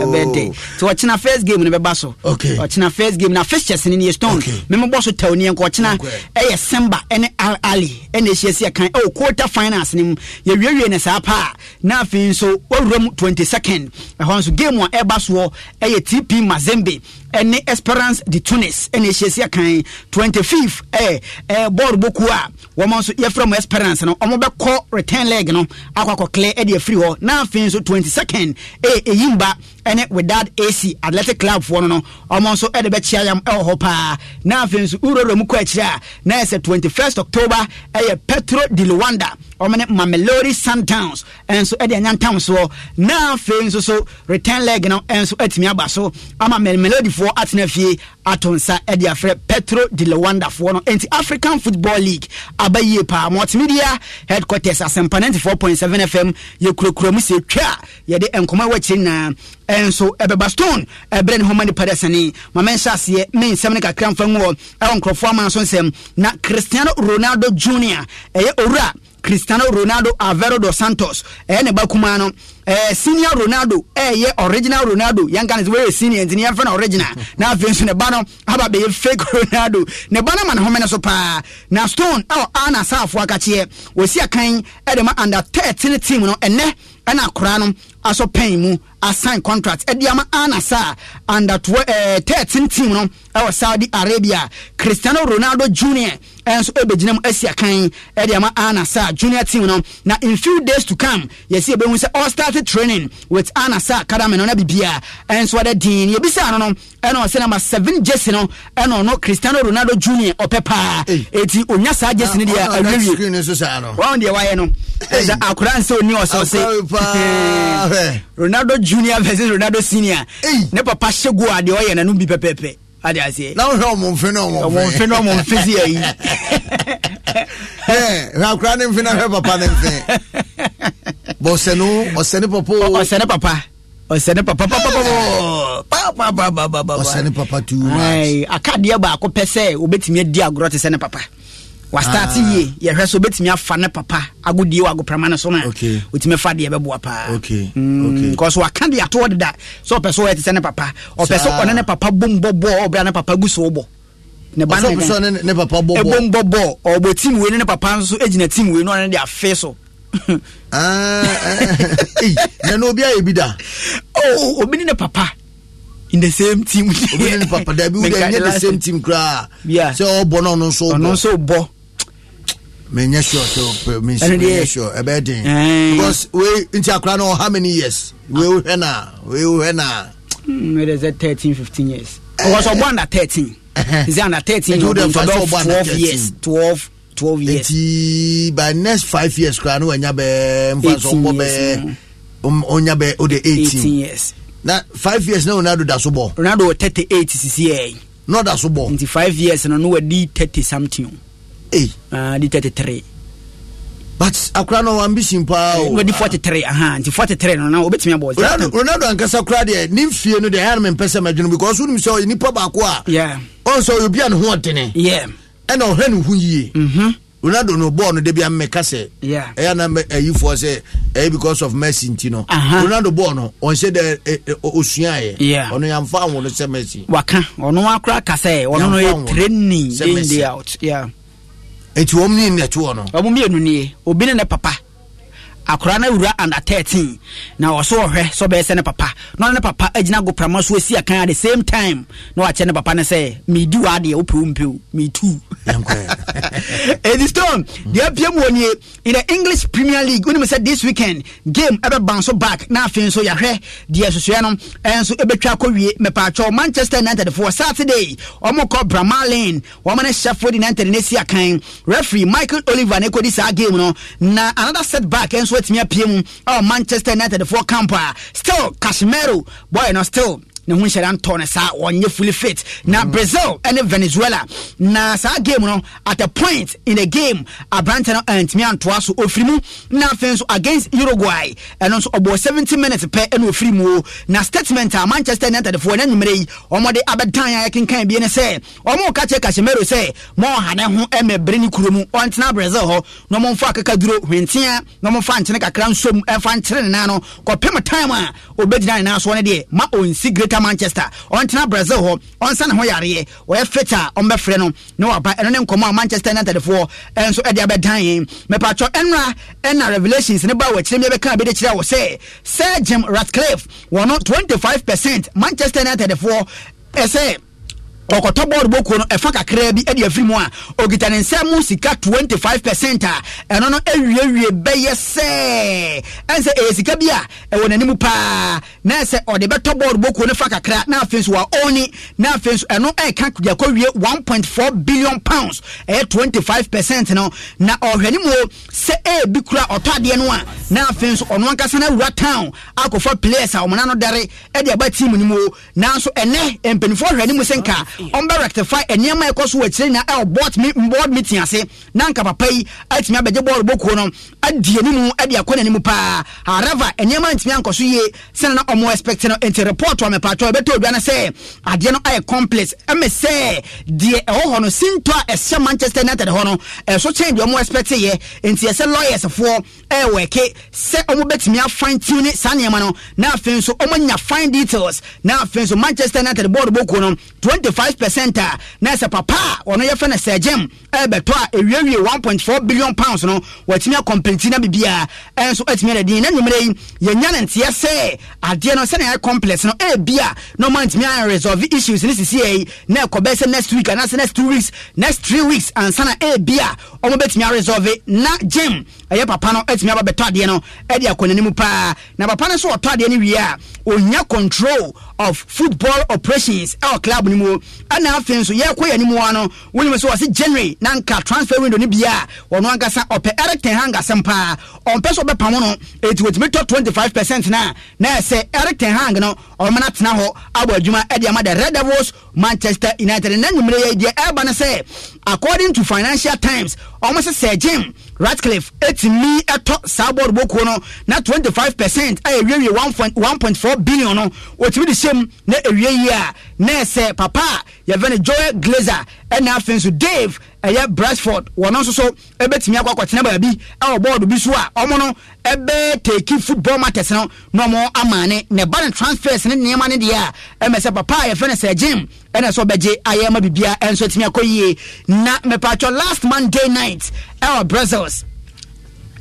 ɛbɛɛ oh. dɛ nti ɔkyena first game no bɛba so ɔkyena first game na fixtures no neyɛ stone memebɔ so tɛw neɛ nka ɔkyena ɛyɛ semba ɛne al ali ɛne ɛhyia si ɛkan ɛwɔ oh, quarter finals no mu yɛwiewie ne saa paa na afei nso wɔwura mu 22nd ɛhɔ nso game a ɛba soɔ ɛyɛ tp mazembe ɛne esperance de tunis ɛne ɛhyia si ɛkan 20 the fifth eh, eh, ball boku a wɔn nso yɛfrɛ mu experience no wɔn bɛkɔ return leg no akɔ akɔ clear eh, ɛde afiri hɔ n'afɛn nso twenty second eh, eyimba ɛne eh, without ac athletic club foɔ no no wɔn nso ɛde eh, bɛkyia yam ɛwɔ hɔ paa n'afɛn nso wurowura mu kɔ akyire a na ɛsɛ twenty first october ɛyɛ petro di luanda ɔmo ne mamelodi sundowns nso ɛde ɛnya ntam soɔ na afei nso so return leg no nso atumi aba so ama mamelodifoɔ atena fie ato nsa ɛde afrɛ petro de lewandafoɔ no nti african football league aba yie paa mɔtimidia headquarters asɛmpa 94.7 fm yɛkurakura mu sɛ twa a yɛde nkɔmɔ wɔ akyiri nyinaa ɛnso ɛbɛba stone ɛbrɛ ne homa nipa dɛsɛne mama nhyɛ aseɛ me nsɛm no kakra mfa ngu wɔ ɛwɔ nkurɔfoɔ ama so nsɛm na cristiano ronaldo junior ɛyɛ owura cristiano ronaldo alvaro dos santos ɛyɛ eh, ne ba kumaa no ɛɛ eh, senior ronaldo ɛyɛ eh, original ronaldo yɛn kan sɛ wɔyɛ senior nti ne yɛn fɛ no original na afei nso ne ba no aba bɛyɛ fake ronaldo ne ba no ma ne homene so paa na stone ɛwɔ oh, ana saafo akakyeɛ wɔsi akan ɛde ma under thirteen team no ɛnɛ ɛna akora no asɔ pɛn mu assign contract ɛde ama anasa under eh, thirteen team no ɛwɔ saudi arabia cristiano ronaldo junior ɛnso ɛbɛgyina mu asi akan ɛde ama anasa junior team no na in few days to come yɛsi ɛbɛhu sɛ all started training with anasa kadame no na bibia ɛnso ɔde din Bisa ano no ɛna ɔsɛ nama seven jesi no ɛna ɔno cristiano ronaldo junior ɔpɛ paa eti onya saa jesi no deɛ ah, ah, ah, ɛwɛwie wɔn deɛ wayɛ no ɛsɛ akora nsɛ oni ɔsɛ ɔsɛ ronaldo junior junior versus ronaldo senior Hey, ne papa hyɛ go a deɛ ɔyɛ nanu bi pɛpɛpɛ ade aseɛ na wohwɛ ɔmomfe ne ɔmɔmfe ne ɔmɔmfe si ayi [laughs] hwɛ akora ne mfe na hwɛ papa ne mfe bɔ ɔsɛno ɔsɛne papa ɔsɛne papa ɔsɛne papa papa ɔsɛne papa too much akadeɛ baako pɛ sɛ wobɛtumi adi agorɔ te sɛ ne papa wastaate ah. yie yɛhwɛ so wobɛtumi afa ne papa agodie wɔ no so no a wɔtumi fa deɛ ɛbɛboa paa mm, waka de atoɔ deda sɛ ɔpɛ sɛ ɔyɛ te sɛ ne papa ɔpɛ sɛ ɔne ne papa bom bɔbɔɔ ɔbrɛ ne papa gu so wobɔ ne bɔbɔ ɔbɔ team wei ne ne papa nso gyina team wei no ɔne de afe so nana ah, eh, eh, eh. obi ayɛ bi da oh, obi ne ne papa in the same team obi ne papa dabi wo [laughs] de ɛnyɛ the same team koraa sɛ ɔbɔ no ɔno nso bɔ menyɛ sure sɛ menyɛ sure ɛbɛyɛ den eh. because wei nti akora no how many years wei wohwɛ na wei wohwɛ na. Hmm, it is a thirteen fifteen years. ɔwɔ sɔ bɔ under thirteen. Eh. is it under thirteen you go sɔ bɔ twelve years twelve twelve years. nti by next five years kora no wanya bɛɛ nfa sɔ bɔ bɛɛ onya bɛɛ o de eighteen. eighteen years. na five years na ronaldo da so bɔ. ronaldo wɔ thirty eight sisi yɛ. n'o da so bɔ. nti five years na no wɔ di thirty something. Eh. Ah, di 33 but akora no ambition paa o wadi eh, three, aha nti 43 no na obetumi abɔ Ronaldo Ronaldo ankasa kora deɛ ne mfie no deɛ ɛyɛ no mpɛ sɛ madwene because wonim sɛ ɔyɛ nipa baako a yeah ɔnsɛ ɔyɛ obi a ne ho ɔdene yeah ɛna ɔhwɛ ne ho yie mhm ronaldo no bɔɔl no de bi amɛka sɛ ɛyɛ na ayifoɔ sɛ ɛyɛ because of mercy nti no ronaldo bɔɔl no ɔnhyɛ dɛ osuaeɛ ɔno yɛmfa wo no sɛ mercy waka ɔno akora ka sɛ ɔno no training in the out yeah eti wɔn mmienu na ɛte hɔ no. wɔn mmienu nie obi ne ne papa akora no awura under 13 na ɔso ɔhwɛ sɛ ɔbɛyɛ sɛ ne papa na ɔne ne papa agyina go prama so asi akan at the same time na wakyɛ ne papa no sɛ medi waadeɛ wopɛwo mpɛw metu [laughs] ɛdi stone deɛ apia mu nie in the english premier league wonim sɛ this weekend game ɛbɛban so back na afei nso yɛhwɛ deɛ susuɛ no ɛnso ɛbɛtwa akɔwie mepaakyɛw manchester united foɔ saturday ɔmokɔ brama lane wɔma ne sheffield united no asi akan referee michael oliver ne kɔdi saa game no na another setback ɛnso nso atumi apue oh, manchester united foɔ camp a still casimero boy no still ne ho nhyɛda ntɔ no saa ɔnyɛ fully fit na mm. brazil ne venezuela na saa game no at a point in the game aberante no antumi antoa so ɔfiri mu na afei nso against uruguay ɛno nso ɔbɔɔ 70 minutes pɛ ɛna ɔfiri mu o na statement a manchester unitedfoɔ ne anwummerɛ yi ɔmɔde abɛdan a yɛkenkan bie ne sɛ ɔmo ka kyerɛ kasimero sɛ ma ɔhane ho mɛbrɛ ne kuro mu ɔntena brazil hɔ na ɔmomfa akeka duro hwentea na ɔmomfa nkyene kakra nsom ɛmfa nkyere ne nan no kɔpem time a ɔbɛgyina ne na soɔ no deɛ ma ɔnsi great ɔnka manchester ɔntena brazil hɔ ɔnsa ne ho yareɛ ɔyɛ fit a ɔmbɛfrɛ no na waba ɛno ne nkɔmmɔ a manchester unitedfoɔ ɛnso ɛde abɛdan mepatwɔ ɛnra ɛna revelations ne ba wɔakyerɛ mi bɛka bɛde kyerɛ wɔ sɛ sir jim ratcliffe wɔno 25 percent manchester unitedfoɔ ɛsɛ ɔkɔtɔ bɔɔdo bɔkuo no ɛfa kakraa bi de afiri mu a ɔkita ne nsa mu sika 25 percent a ɛno no awiewie bɛyɛ sɛ ɛn sɛ ɛyɛ sika bi a ɛwɔ n'anim paa na sɛ ɔde bɛtɔ bɔɔdo bɔkuo no fa kakra na afei nso wɔɔni na afei nso ɛno ɛka yakɔwie 1.4 billion pounds ɛyɛ 25 percent no na ɔhwɛ ne mu sɛ ɛɛbi kura ɔtɔ adeɛ no a na afei nso ɔno ankasa no awura town akɔfa players a ɔmona no dare de aba team no mu nanso ɛnɛ mpanimfoɔ hwɛ ne mu sɛ nkaa ɔmbɛ rectify nneɛma ɛkɔ so wɔakyire nyinaa ɛwɔ board mi board meeting ase na nka papa yi atumi abɛgye bɔɔlo bokuo no adi anim de akɔ n'anim paa however nneɛma ntumi ankɔ so yie sɛne na ɔmo expect no nti report wɔ mepatɔ ɛbɛtɔ odua no sɛ adeɛ no ayɛ complex ɛmɛ sɛ deɛ ɛwɔ hɔ no sintɔ a ɛhyɛ manchester united hɔ no ɛso kyɛn deɛ ɔmo expect yɛ nti ɛsɛ lawyers foɔ ɛwɔ ɛke sɛ ɔmo bɛtumi afine tune saa nneɛma no na afei nso ɔmo nya fine details na afei nso manchester united bɔɔlo bokuo no twenty five five percent a na ɛsɛ papa a ɔno yɛfɛ no sɛ gyem ɛbɛtɔ a ewiewie 1.4 billion pounds no wɔatumi akɔmpɛnti na biribiara ɛnso atumi ada din na nnwumerɛ yi yɛnya ne nteɛ sɛ adeɛ no sɛnea ɛyɛ complex no ɛbi a na ɔma ntumi ayɛ resolve issues ne sisi yɛ yi na ɛkɔbɛɛ sɛ next week anaasɛ next two weeks next three weeks ansa ɛbi a ɔmo bɛtumi aresolve na gyem ɛyɛ papa no atumi aba bɛtɔ adeɛ no ɛde akɔ n'anim paa na papa no nso ɔtɔ adeɛ no wie a ɔnya control of football operations ɛwɔ club no mu ɛna afei nso yɛkɔ yɛ anim wa no wonyim sɛ wɔse january na nka transfer window no bia a wɔno ankasa ɔpɛ eric ten hag asɛm paa ɔmpɛ sɛ ɔbɛpamo no ɛti wɔtumi tɔ 25 percent no a na ɛsɛ eric ten hag no ɔbɛma no atena hɔ abɔ adwuma ɛde ama the red devils manchester united na nwummerɛ yɛ deɛ ɛba no sɛ according to financial times ɔmo sɛ sɛ jim ratcliffe ɛtumi ɛtɔ saa bɔɔdo bokuo no na 25 percent a ɛwiewie 1.4 billion no wɔtumi de hyɛm na ɛwie yi a na ɛsɛ papa a yɛfɛ no joel glazer ɛna afei nso dave ɛyɛ brasford wɔno nso so ɛbɛtumi akɔ akɔtena baabi ɛwɔ bɔɔdo bi so a ɔmo no ɛbɛɛ teki football matters no na ɔmo amaane na ɛba ne transfers ne nneɛma ne deɛ a ɛmɛ sɛ papa a yɛfɛ no sɛ gym ɛna sɛ ɔbɛgye ayɛ ma biribia ɛnso atumi akɔ yie na mepatwɔ last monday night ɛwɔ brussels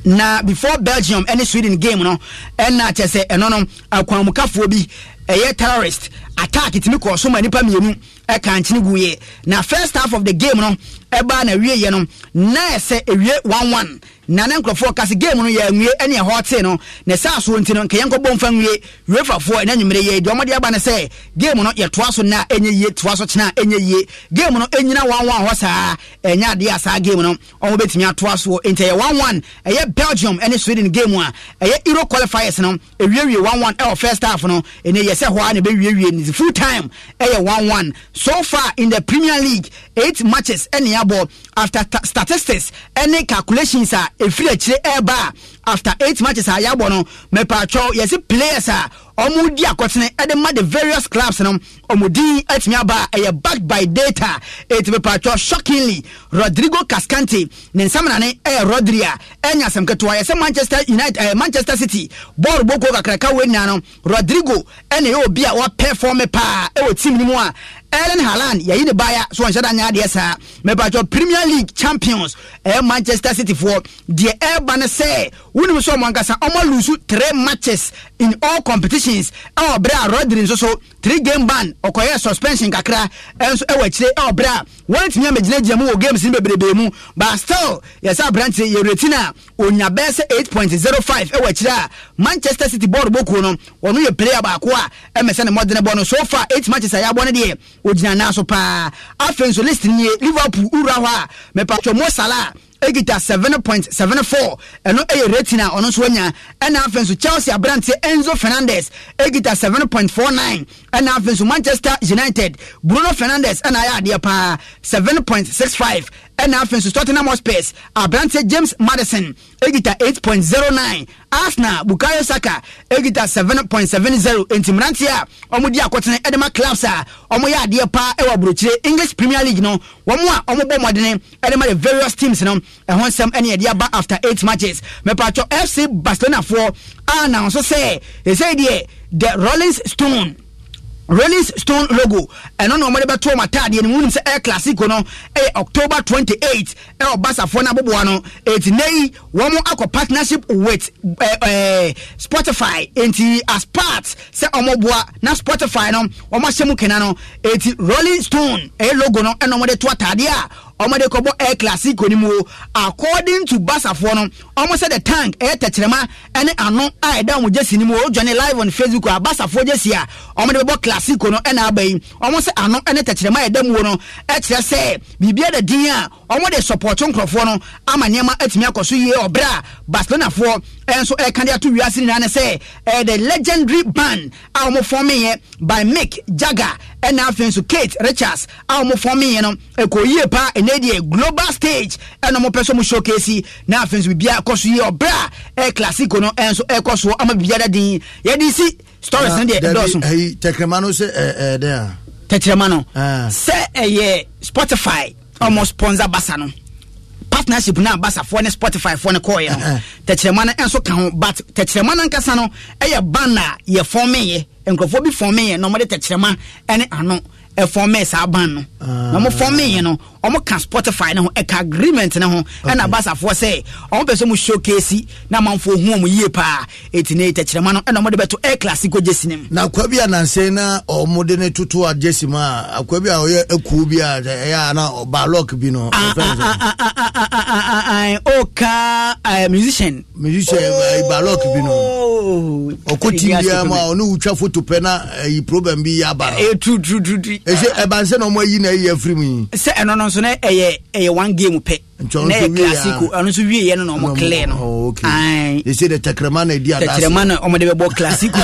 na before belgium ɛne sweden game no ɛna kyɛ sɛ ɛno no akwanmukafoɔ bi ɛyɛ terrorist attack tumi kɔɔ so ma nipa mmienu ɛka e nkyene guiɛ na first half of the game no ɛbaa na wieɛ no na ɛsɛ ɛwie 1-1 nane nkurɔfoɔ kase game no yɛ nwie ɛne ɛhɔ te no na saa soɔ nti no nkɛyɛ nkɔbɔ mfa nwie uefafoɔ ɛna nwummere yɛ deɛ ɔmɔde aba no sɛ game no yɛtoa so na ɛnyɛ yie toa so kyena ɛnyɛ yie game no ɛnyina wanwan hɔ saa ɛnyɛ adeɛ a saa game no ɔmo bɛtumi atoa soɔ nti ɛyɛ wanwan ɛyɛ belgium ɛne sweden game a ɛyɛ euro qualifiers no ɛwiewie wanwan ɛwɔ first half no ɛne yɛ sɛ hɔ a na ɛbɛwiewie ne full time ɛyɛ wanwan so far in the premier league eight matches ɛne abɔ after ta- statistics ɛne calculations a ɛfiri akyire ɛreba a after eight matches a yɛabɔ no mɛpaatwɛw yɛse players a ɔmo di akɔtene ɛde ma the various clubs no ɔmo din atumi aba ɛyɛ backed by data ɛti mɛpaatwɛw shockingly rodrigo cascante ne nsamanane ɛyɛ rodri a ɛnya asɛm ketewa yɛsɛ manchester united ɛɛ manchester city bɔɔl boko kakraka wɔ no rodrigo ɛna ɛyɛ obi a wapɛfɔm paa ɛwɔ team no a Ellen Haaland yɛyi ne baya so ɔnhyɛ da nyɛ adeɛ saa mɛpatwɔ Premier League champions ɛyɛ Manchester City foɔ deɛ ɛɛba no sɛ wonim sɛ ɔmo ankasa ɔmo lusu three matches in all competitions ɛwɔ berɛ a Rodri nso three game ban ɔkɔyɛ suspension kakra ɛnso ɛwɔ akyire ɛwɔ berɛ a wɔntumi amagyinagyina mu wɔ games no bebrebee mu but still yɛsɛ aberanteɛ yɛreti no a ɔnya bɛɛ eight point zero five ɛwɔ akyire a manchester city bɔɔl bokuo no ɔno yɛ player baako a ɛmɛ sɛ ne mɔdene bɔ no so far eight matches a yɛabɔ no deɛ ɔgyina naa so paa afei nso list nie liverpool wura hɔ a mepatwɔ mo sala ekita seven point seven four ɛno ɛyɛ rating a ɔno nso anya ɛna afei nso chelsea aberante enzo fernandez ekita seven point four nine ɛna afei nso manchester united bruno fernandez ɛna ayɛ adeɛ paa seven point six five ɛna afei nso tottenham hotspurs aberante james madison ekita 8.09 arsenal bukayo saka ekita 7.70 nti mmeranteɛ a wɔn di akɔtene ɛde ma clubs a wɔn yɛ adeɛ paa ɛwɔ aburokyire english premier league no wɔn a wɔn bɔ mɔden ɛde ma the various teams no ɛho nsɛm ɛne yɛde aba after eight matches mɛpatwɔ fc barcelona foɔ a na nso sɛ ɛsɛ deɛ the rolling stone rolling stone logo ɛno na ɔmɔde bɛto ɔmo ataadeɛ no mu nim sɛ ɛyɛ classico no ɛyɛ october twenty eight ɛwɔ basafoɔ no aboboa no eti ne wɔn akɔ partnership with ɛɛ spotify eti as part sɛ ɔmo boa na spotify no wɔn ahyɛ mu kena no eti rolling stone ɛyɛ logo no ɛna ɔmɔde to ataadeɛ a ɔmɔde kɔbɔ air classico no mu o according to basafoɔ no ɔmo sɛ the tank ɛyɛ tɛkyerɛma ɛne ano a ɛda ɔmo gyesi no mu o johnny live on facebook a basafoɔ gyesi a ɔmɔde bɛbɔ classico no ɛna aba yi ɔmo sɛ ano ɛne tɛkyerɛma ɛda mu o no ɛkyerɛ sɛ biribi ɛda din a ɔmɔde sɔpɔtɔ nkorɔfoɔ no ama nneɛma atumi akɔ so yie ɔbrɛ a barcelonafoɔ ɛnso ɛka de ato wiase nyinaa ne sɛ ɛyɛ the legendary band a ɔmo fɔmeyɛ by mick jagger ɛna afei nso kate richards a wɔn fɔmiiɛ no ɛkɔ yie paa ɛnɛ deɛ global stage ɛna wɔn pɛ so mo showcase na afei nso biribiara ɛkɔ so yie ɔbɛrɛ a ɛyɛ classico no ɛnso ɛkɔ so ama biribiara den yɛde si stories no deɛ ɛdɔɔso. ɛyi tɛkirima no sɛ ɛɛ ɛdɛ a. tɛkirima no sɛ ɛyɛ spotify ɔmo sponsor basa no partnership na abasafoɔ ne spotify foɔ no kɔɔyɛ no tɛkyerɛma no nso ka ho but tɛkyerɛma no ankasa no ɛyɛ ban a yɛfɔmeyɛ nkurɔfoɔ bi fɔmeyɛ na ɔmɔde tɛkyerɛma ne ano ɛfɔmɛ saa ban no na ɔmo fɔmɛɛ no ɔmo ka spotify ne ho ɛka agreement ne ho ɛna basafoɔ sɛ ɔmo pɛ sɛ ɔmo showcase na amanfoɔ hu ɔmo yie paa eti ne tɛkyerɛma no ɛna ɔmo de bɛto air classico jesi ne mu. na akwa bi a nansan na ɔmo de ne tutu a jesi mu a akwa bi a ɔyɛ ekuo bi a ɛyɛ ana balɔk bi no. oka musician. musician oh, balɔk eh, bi no ɔkɔ tim bi a ma ɔne wutwa foto pɛ na program bi yɛ aba. Eh, true true true true. ɛsɛ ɛbansɛ na ɔmo ayi na ɛyɛ afiri mu yi. sɛ ɛno no nso na ɛyɛ ɛyɛ one game pɛ na ɛyɛ classico ɛno nso wie yɛ no na ɔmo clear no. ɛsɛ de tɛkɛrɛma na ɛdi adaase tɛkɛrɛma na ɔmo de bɛ bɔ classico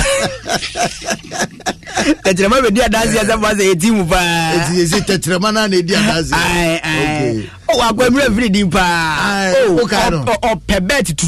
tɛtɛrɛma bɛ di adaase yɛ sɛ fɔ sɛ yɛ ti mu paa. eti yɛ sɛ tɛtɛrɛma na na ɛdi adaase. ɛɛ ɔwɔ akɔ emirɛ firi di paa. o ka ɔpɛ bɛɛ tutu.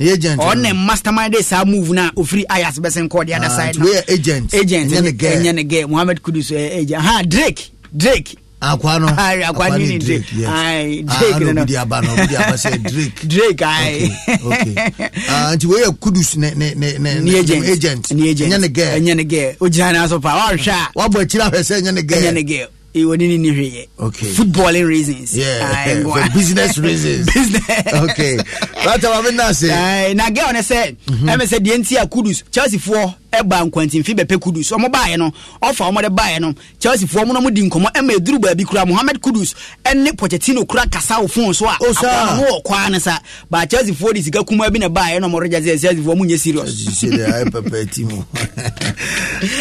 agent ɔne mastermind saa move na, a ɔfiri ayas bɛsen kɔ the other ah, side agent ɛnyɛ ne gɛ mohamed kudus eh, eh, agent ha drake drake akwa no akwa ni drake yes ai ah, drake no bi aba no bi aba say drake [laughs] drake ai okay Okay. Ah, nti we kudus ne ne ne ne agent ne agent nya ne ge nya ne ge o jira na so pa wa hwa wa bo kira hwe say ne ge nya ne ge wɔne ne ni hweyɛ okay. footballing reasons yeah. for business [laughs] reasons business okay rata wa mena se na girl ne sɛ ɛmɛ sɛ deɛ nti a kudus chelseafoɔ ɛba nkwantimfi bɛpɛ kudus ɔmo baeɛ no ɔfa ɔmo de baeɛ no chelseafoɔ ɔmo na ɔmo di nkɔmɔ ɛma eduru baabi kura mohammed kudus ɛne pochettino kura kasa o so a akɔnɔ ho wɔ kwaa ne sa ba chelseafoɔ de sika kumaa bi na baeɛ na ɔmo regya sɛ chelseafoɔ ɔmo nye serious.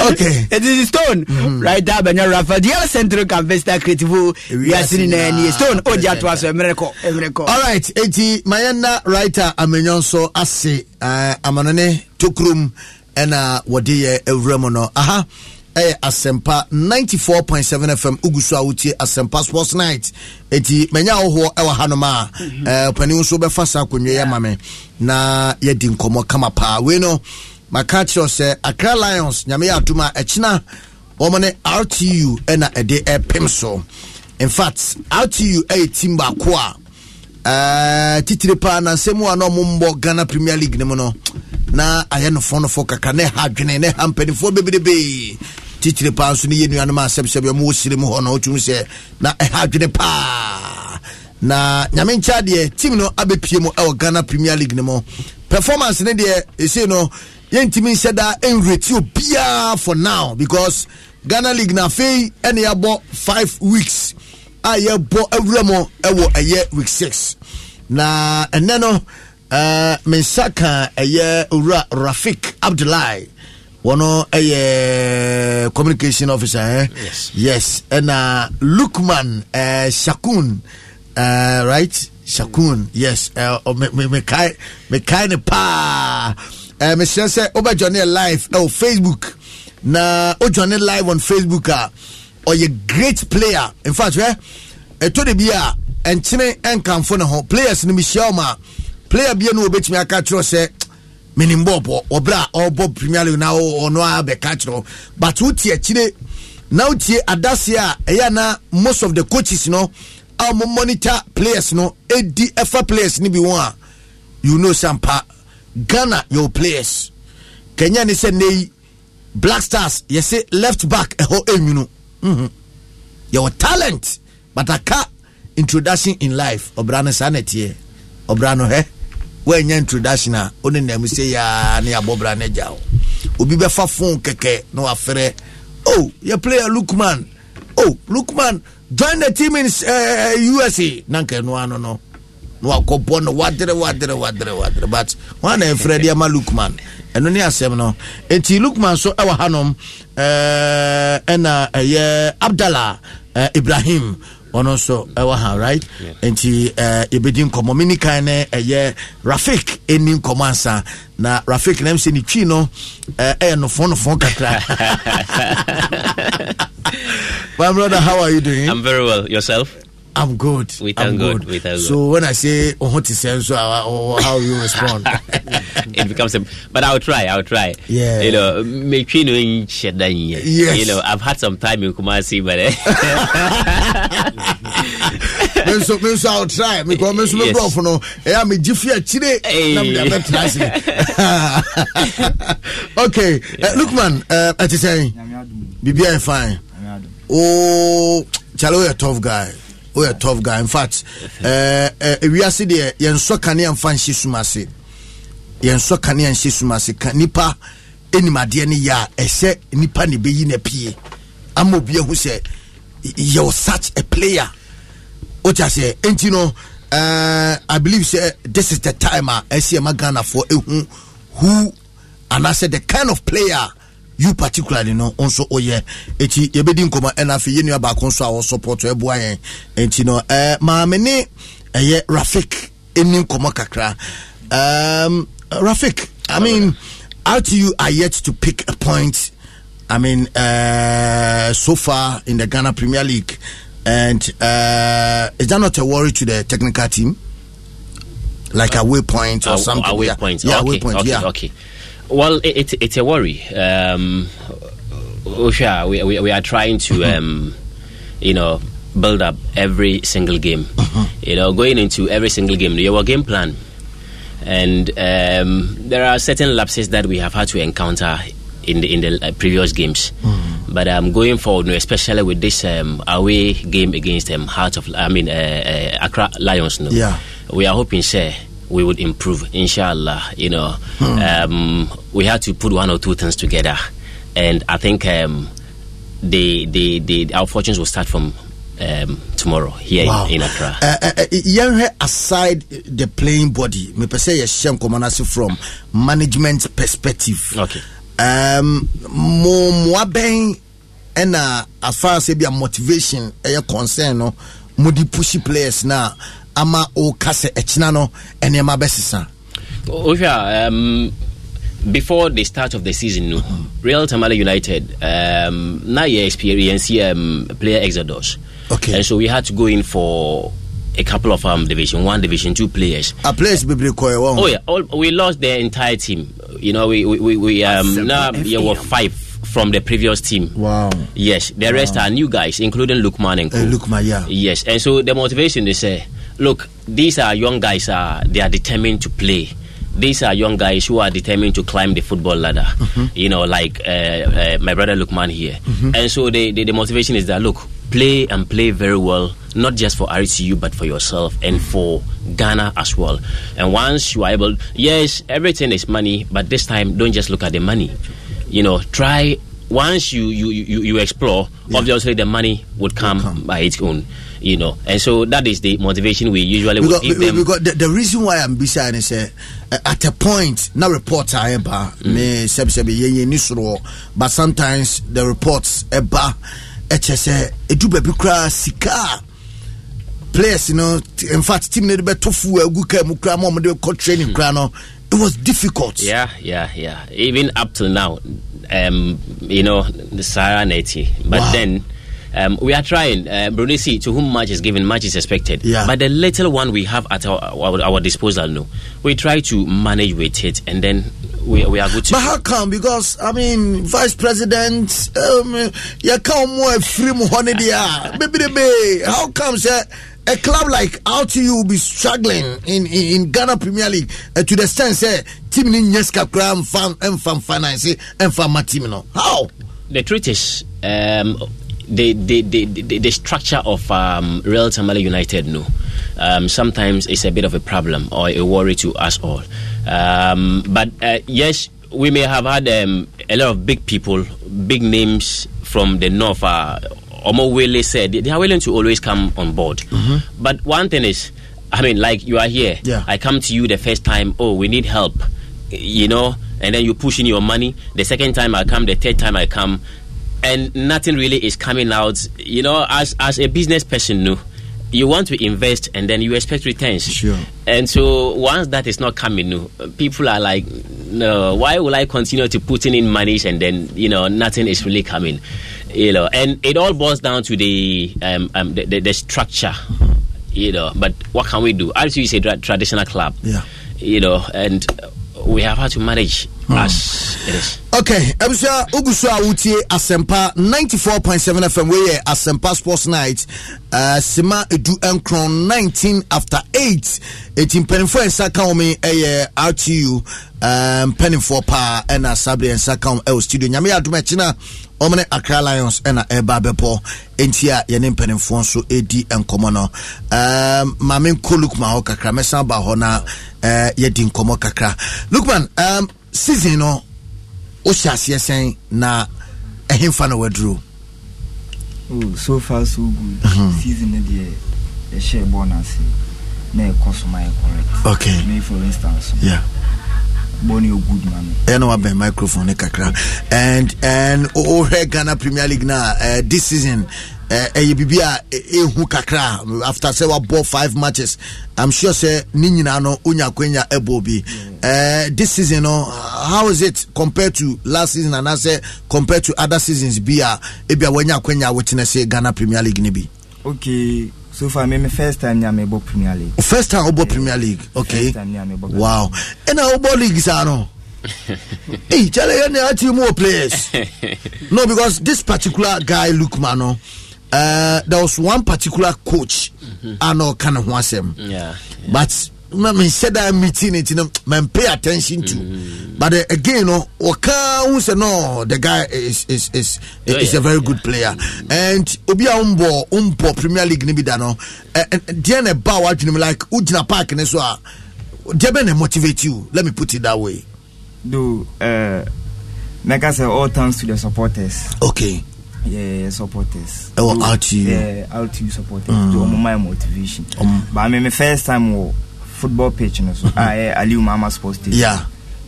[laughs] okay. it stone mm -hmm. right there african vesta creative wiase nyinaa nie stone ogye oh, ato aso mmerɛ kɔ mmerɛ kɔ alright enti mayɛnna writer amanyɔ nso ase uh, amanone tokurom ɛna wɔde yɛ awura mu no aha ɛyɛ asɛmpa 94.7 fm ugu so a wotie asɛmpa sports night ɛti manya wohoɔ ɛwɔ hanom a ɔpani mhm. eh, nso wobɛfa saa akonnwa yi ama me na yɛdi nkɔmmɔ kama paa wei no maka kyerɛ sɛ accra lions nyame yɛ atom a ɛkyena wɔn ne eh, rtu eh, na ɛde eh, ɛpem so in fact rtu ɛyɛ team baako a ɛɛ titire paa na nsɛm a na wɔn mbɔ ghana premier league ne mu no na ayɛ nofo nofo kaka ne ha adwene ne ha mpanimfoɔ bebrebee titire paa nso ne yɛ nuanom a wɔn wɔsiri mu hɔ na wɔtum sɛ na ɛha adwene paa na nyame nkyɛn deɛ team no abɛpie mu ɛwɔ ghana premier league ne mu performance ne deɛ esi no yɛntumi nhyɛ da nwureti obiara for now because ghana league na afei ɛna yɛabɔ five weeks a yɛbɔ awura mu ɛwɔ ɛyɛ week six na ɛnɛ no ɛɛ me nsa kan ɛyɛ owura rafik abdullahi wɔn ɛyɛ communication officer ɛ eh? yes yes ɛna lukman ɛɛ shakun ɛɛ right shakun yes ɛɛ ɔ me kae me kae ne paa ɛɛ me sɛ wobɛjɔ ne live ɛwɔ facebook na o ojoane live on facebook a ɔyɛ great player in fact hwɛ ɛtɔ de bi a ɛnkyene ɛnkamfo ne ho players no mehyia wɔn a player bia no wɔbɛtumi aka kyerɛ sɛ menim bɔɔbɔ ɔberɛ a ɔrebɔ premier league na ɔno a bɛka kyerɛ but wotie akyire na wotie adaseɛ a ɛyɛ na most of the coaches no a wɔn monitor players no ɛdi ɛfa players no bi wɔn a you know sampa ghana your players kenya ni sɛ nne yi black stars yɛsɛ left back ɛhɔ ɛnwunu mm-hmm. yɛwɔ talent but aka introduction in life ɔbra no saa nɛteɛ ɔbra no hɛ woanya introduction a wone nam sɛ yaa ne yɛabɔ bra no agya wo obi bɛfa phone kɛkɛ na wafrɛ oh yɛ player lukman oh lukman join the team in eh, eh, usa na nka no ano no na wakɔbɔ no wadere wadere wadere wadere but wana ɛmfrɛ deɛ ma lukman ɛno ne asɛm no enti lukman so ɛwɔ hanom ɛna ɛyɛ abdala ibrahim ɔno nso ɛwɔ ha right nti yɛbɛdi nkɔmmɔ mini kan ne ɛyɛ rafik ɛni nkɔmmɔ ansa na rafik nam sɛ ne twi no ɛyɛ nofonofon kakra [laughs] [laughs] my brother how are you doing i'm very well yourself I'm good. We thank I'm God. good. so when I say oh, what is uh, uh, uh, how, you respond, [laughs] it becomes. A, but I'll try. I'll try. Yeah. You know, make you know Yes. You know, I've had some time in Kumasi, but. menso eh. [laughs] menso I'll try because menso me bro no yeah a jiffy chire I'm me try [laughs] okay yeah. uh, Lukman uh, eh, at the same bibia fine oh chalo you're a tough guy woyɛ oh, tough guy in fact [laughs] eh, eh, ewiase deɛ yɛnsɔ kanea mfa nhyɛ sum ase yɛnsɔ kanea nhyɛ sum ase ka nipa anim adeɛ no yɛ a ɛhyɛ nipa ne bɛyi na pie ama obi ahu sɛ yɛwɔ such a player wote aseɛ enti no uh, i believe say this is the time a ɛsi ɛma ghanafoɔ ehu who anaasɛ the kind of player you particularly no nso oyɛ oh, eti yɛbɛdi nkɔmɔ ɛna afei yɛnua baako nso a wɔsɔpɔtɔ ɛboa yɛn eh, eti no ɛɛ eh, maame ne ɛyɛ eh, rafik ɛni nkɔmɔ kakra ɛɛm um, rafik i mean how you are yet to pick a point i mean uh, so far in the ghana premier league and uh, is that not a worry to the technical team like uh, a waypoint or uh, something away yeah, point yeah okay, away point okay, yeah okay well, it, it, it's a worry. Um, Usha, we, we, we, are trying to, [laughs] um, you know, build up every single game. Uh-huh. You know, going into every single game, your game plan. And um, there are certain lapses that we have had to encounter in the, in the uh, previous games. mm mm-hmm. i But um, going forward, especially with this um, away game against um, Heart of, I mean, uh, uh, Accra Lions, no? yeah. we are hoping, sir we would improve, inshallah. You know, hmm. um, we had to put one or two things together, and I think um, the, the, the our fortunes will start from um, tomorrow here wow. in, in Accra. Uh, uh, uh, aside the playing body, me per se yɛhyɛ from management perspective. Okay. Um, mo mmoa as far as ebi a motivation ɛyɛ eh, concern no mo di push players na ama ɔka sɛ no ɛnneɛma bɛsesa um, before the start of the season no mm real tamale united um, na yɛ experience um, player exodus okay. and so we had to go in for a couple of um, division one, division two players. A players be required. Oh yeah, all, we lost the entire team. You know, we we we, we um now yeah, were five from the previous team. Wow. Yes, the wow. rest are new guys, including Lukman and Co. Uh, eh, Lukman, yeah. Yes, and so the motivation they uh, say look, these are young guys. Uh, they are determined to play. These are young guys who are determined to climb the football ladder. Mm-hmm. You know, like uh, uh, my brother Lukman here. Mm-hmm. And so the the motivation is that look, play and play very well, not just for RCU but for yourself and for Ghana as well. And once you are able, yes, everything is money, but this time don't just look at the money. You know, try once you you you, you explore, yeah. obviously the money would come, come, by its own. You know, and so that is the motivation we usually because, give them. Because the, the reason why I'm busy and say uh, at a point, now reports are ever mm. me seb sebi ye ye but sometimes the reports eba eh, ɛkyɛ eh, sɛ ɛdu eh, baabi koraa sika players you know, in fact team no de bɛto fu agu kaa mu koraa ma ɔmde training koraa It was difficult. Yeah, yeah, yeah. Even up till now, um, you know, the serenity. But wow. then. Um, we are trying. Uh, Brunei to whom much is given, much is expected. Yeah. But the little one we have at our, our, disposal, no, we try to manage with it, and then we, we are good. but how come? Because I mean, Vice President, um, you come more free money there. How come, sir? a club like Altu will be struggling in, in, in Ghana Premier League uh, to the extent say eh, team ni nyeska kra mfam mfam finance eh, mfam ma team no how the truth is um, the, the, the, the, the structure of um, Real Tamale United no um, sometimes it's a bit of a problem or a worry to us all um, but uh, yes we may have had um, a lot of big people big names from the north uh, Omo Wele said, they are willing to always come on board. Mm-hmm. But one thing is, I mean, like you are here. Yeah. I come to you the first time. Oh, we need help. You know, and then you push in your money. The second time I come, the third time I come, and nothing really is coming out. You know, as as a business person, no, you want to invest and then you expect returns. Sure. And so once that is not coming, no, people are like, no, why will I continue to putting in monies and then you know nothing is really coming? you know, and it all boils down to the um, um the, the, the, structure, you know. But what can we do? RCU it's a tra- traditional club, yeah, you know, and we have had to manage mm. as it is. okay ebusua ogusu a wotie asɛmpa 94.7 fm wɔyɛ asempa sports night uh, sima edu nkron 19 after 8 eti mpanimfoɔ nsa ka wɔn ɛyɛ rtu uh, mpanimfoɔ paa ɛna sabre nsa ka wɔn ɛwɔ eh, studio nyame yɛ adum ɛkyi na wɔn ne accra lions ɛna ɛba abɛpɔ nti a eh, yɛne mpanimfoɔ nso edi nkɔmɔ no maame um, nko lukman hɔ kakra mɛsan ba hɔ na uh, eh, yɛdi nkɔmɔ kakra lukman um, season no wohyɛ aseɛ sɛn na ɛhemfa na waduro oh, so far so good mm-hmm. season no deɛ ɛhyɛ bɔɔ no na ɛkɔ so ma yɛ correct okay me for instance yeah bɔne yɛ good ma me ɛna wabɛn microphone ne kakra and and wohwɛ ghana premier league no uh, eh, this season ɛyɛ eh, eh, biribi a ɛhu eh, kakra after sɛ wabɔ five matches i'm sure sɛ ne nyinaa no wonya kwanya ɛbɔ bi this season no how is it compared to last season anaasɛ compared to other seasons bi a ebi a wanya kwanya wotena sɛ ghana premier league ne bi okay so far me first time nya me bɔ premier league first time wobɔ premier league okay wow ɛna wobɔ league saa no [laughs] hey, Charlie, you're not team more players. [laughs] no, because this particular guy, Luke Mano, uh, there was one particular coach mm-hmm. I know kind of was him. Yeah, yeah. But I said I'm meeting it, you know, man, pay attention to. Mm-hmm. But uh, again, no, who say no, the guy is is is is, oh, is yeah, a very yeah. good player. Mm-hmm. And obi umbo umbo Premier League ni bidano. And then a bow out like Ujina Park and so. Debene motivate you. Let me put it that way. Do uh, like I all thanks to the supporters. Okay yɛ supporters ɛwɔ oh, rtu yɛ rtu supporters mm. ɔmo my motivation um. but me me first time wɔ football pitch no so a yɛ aliu mama sports stadium yeah.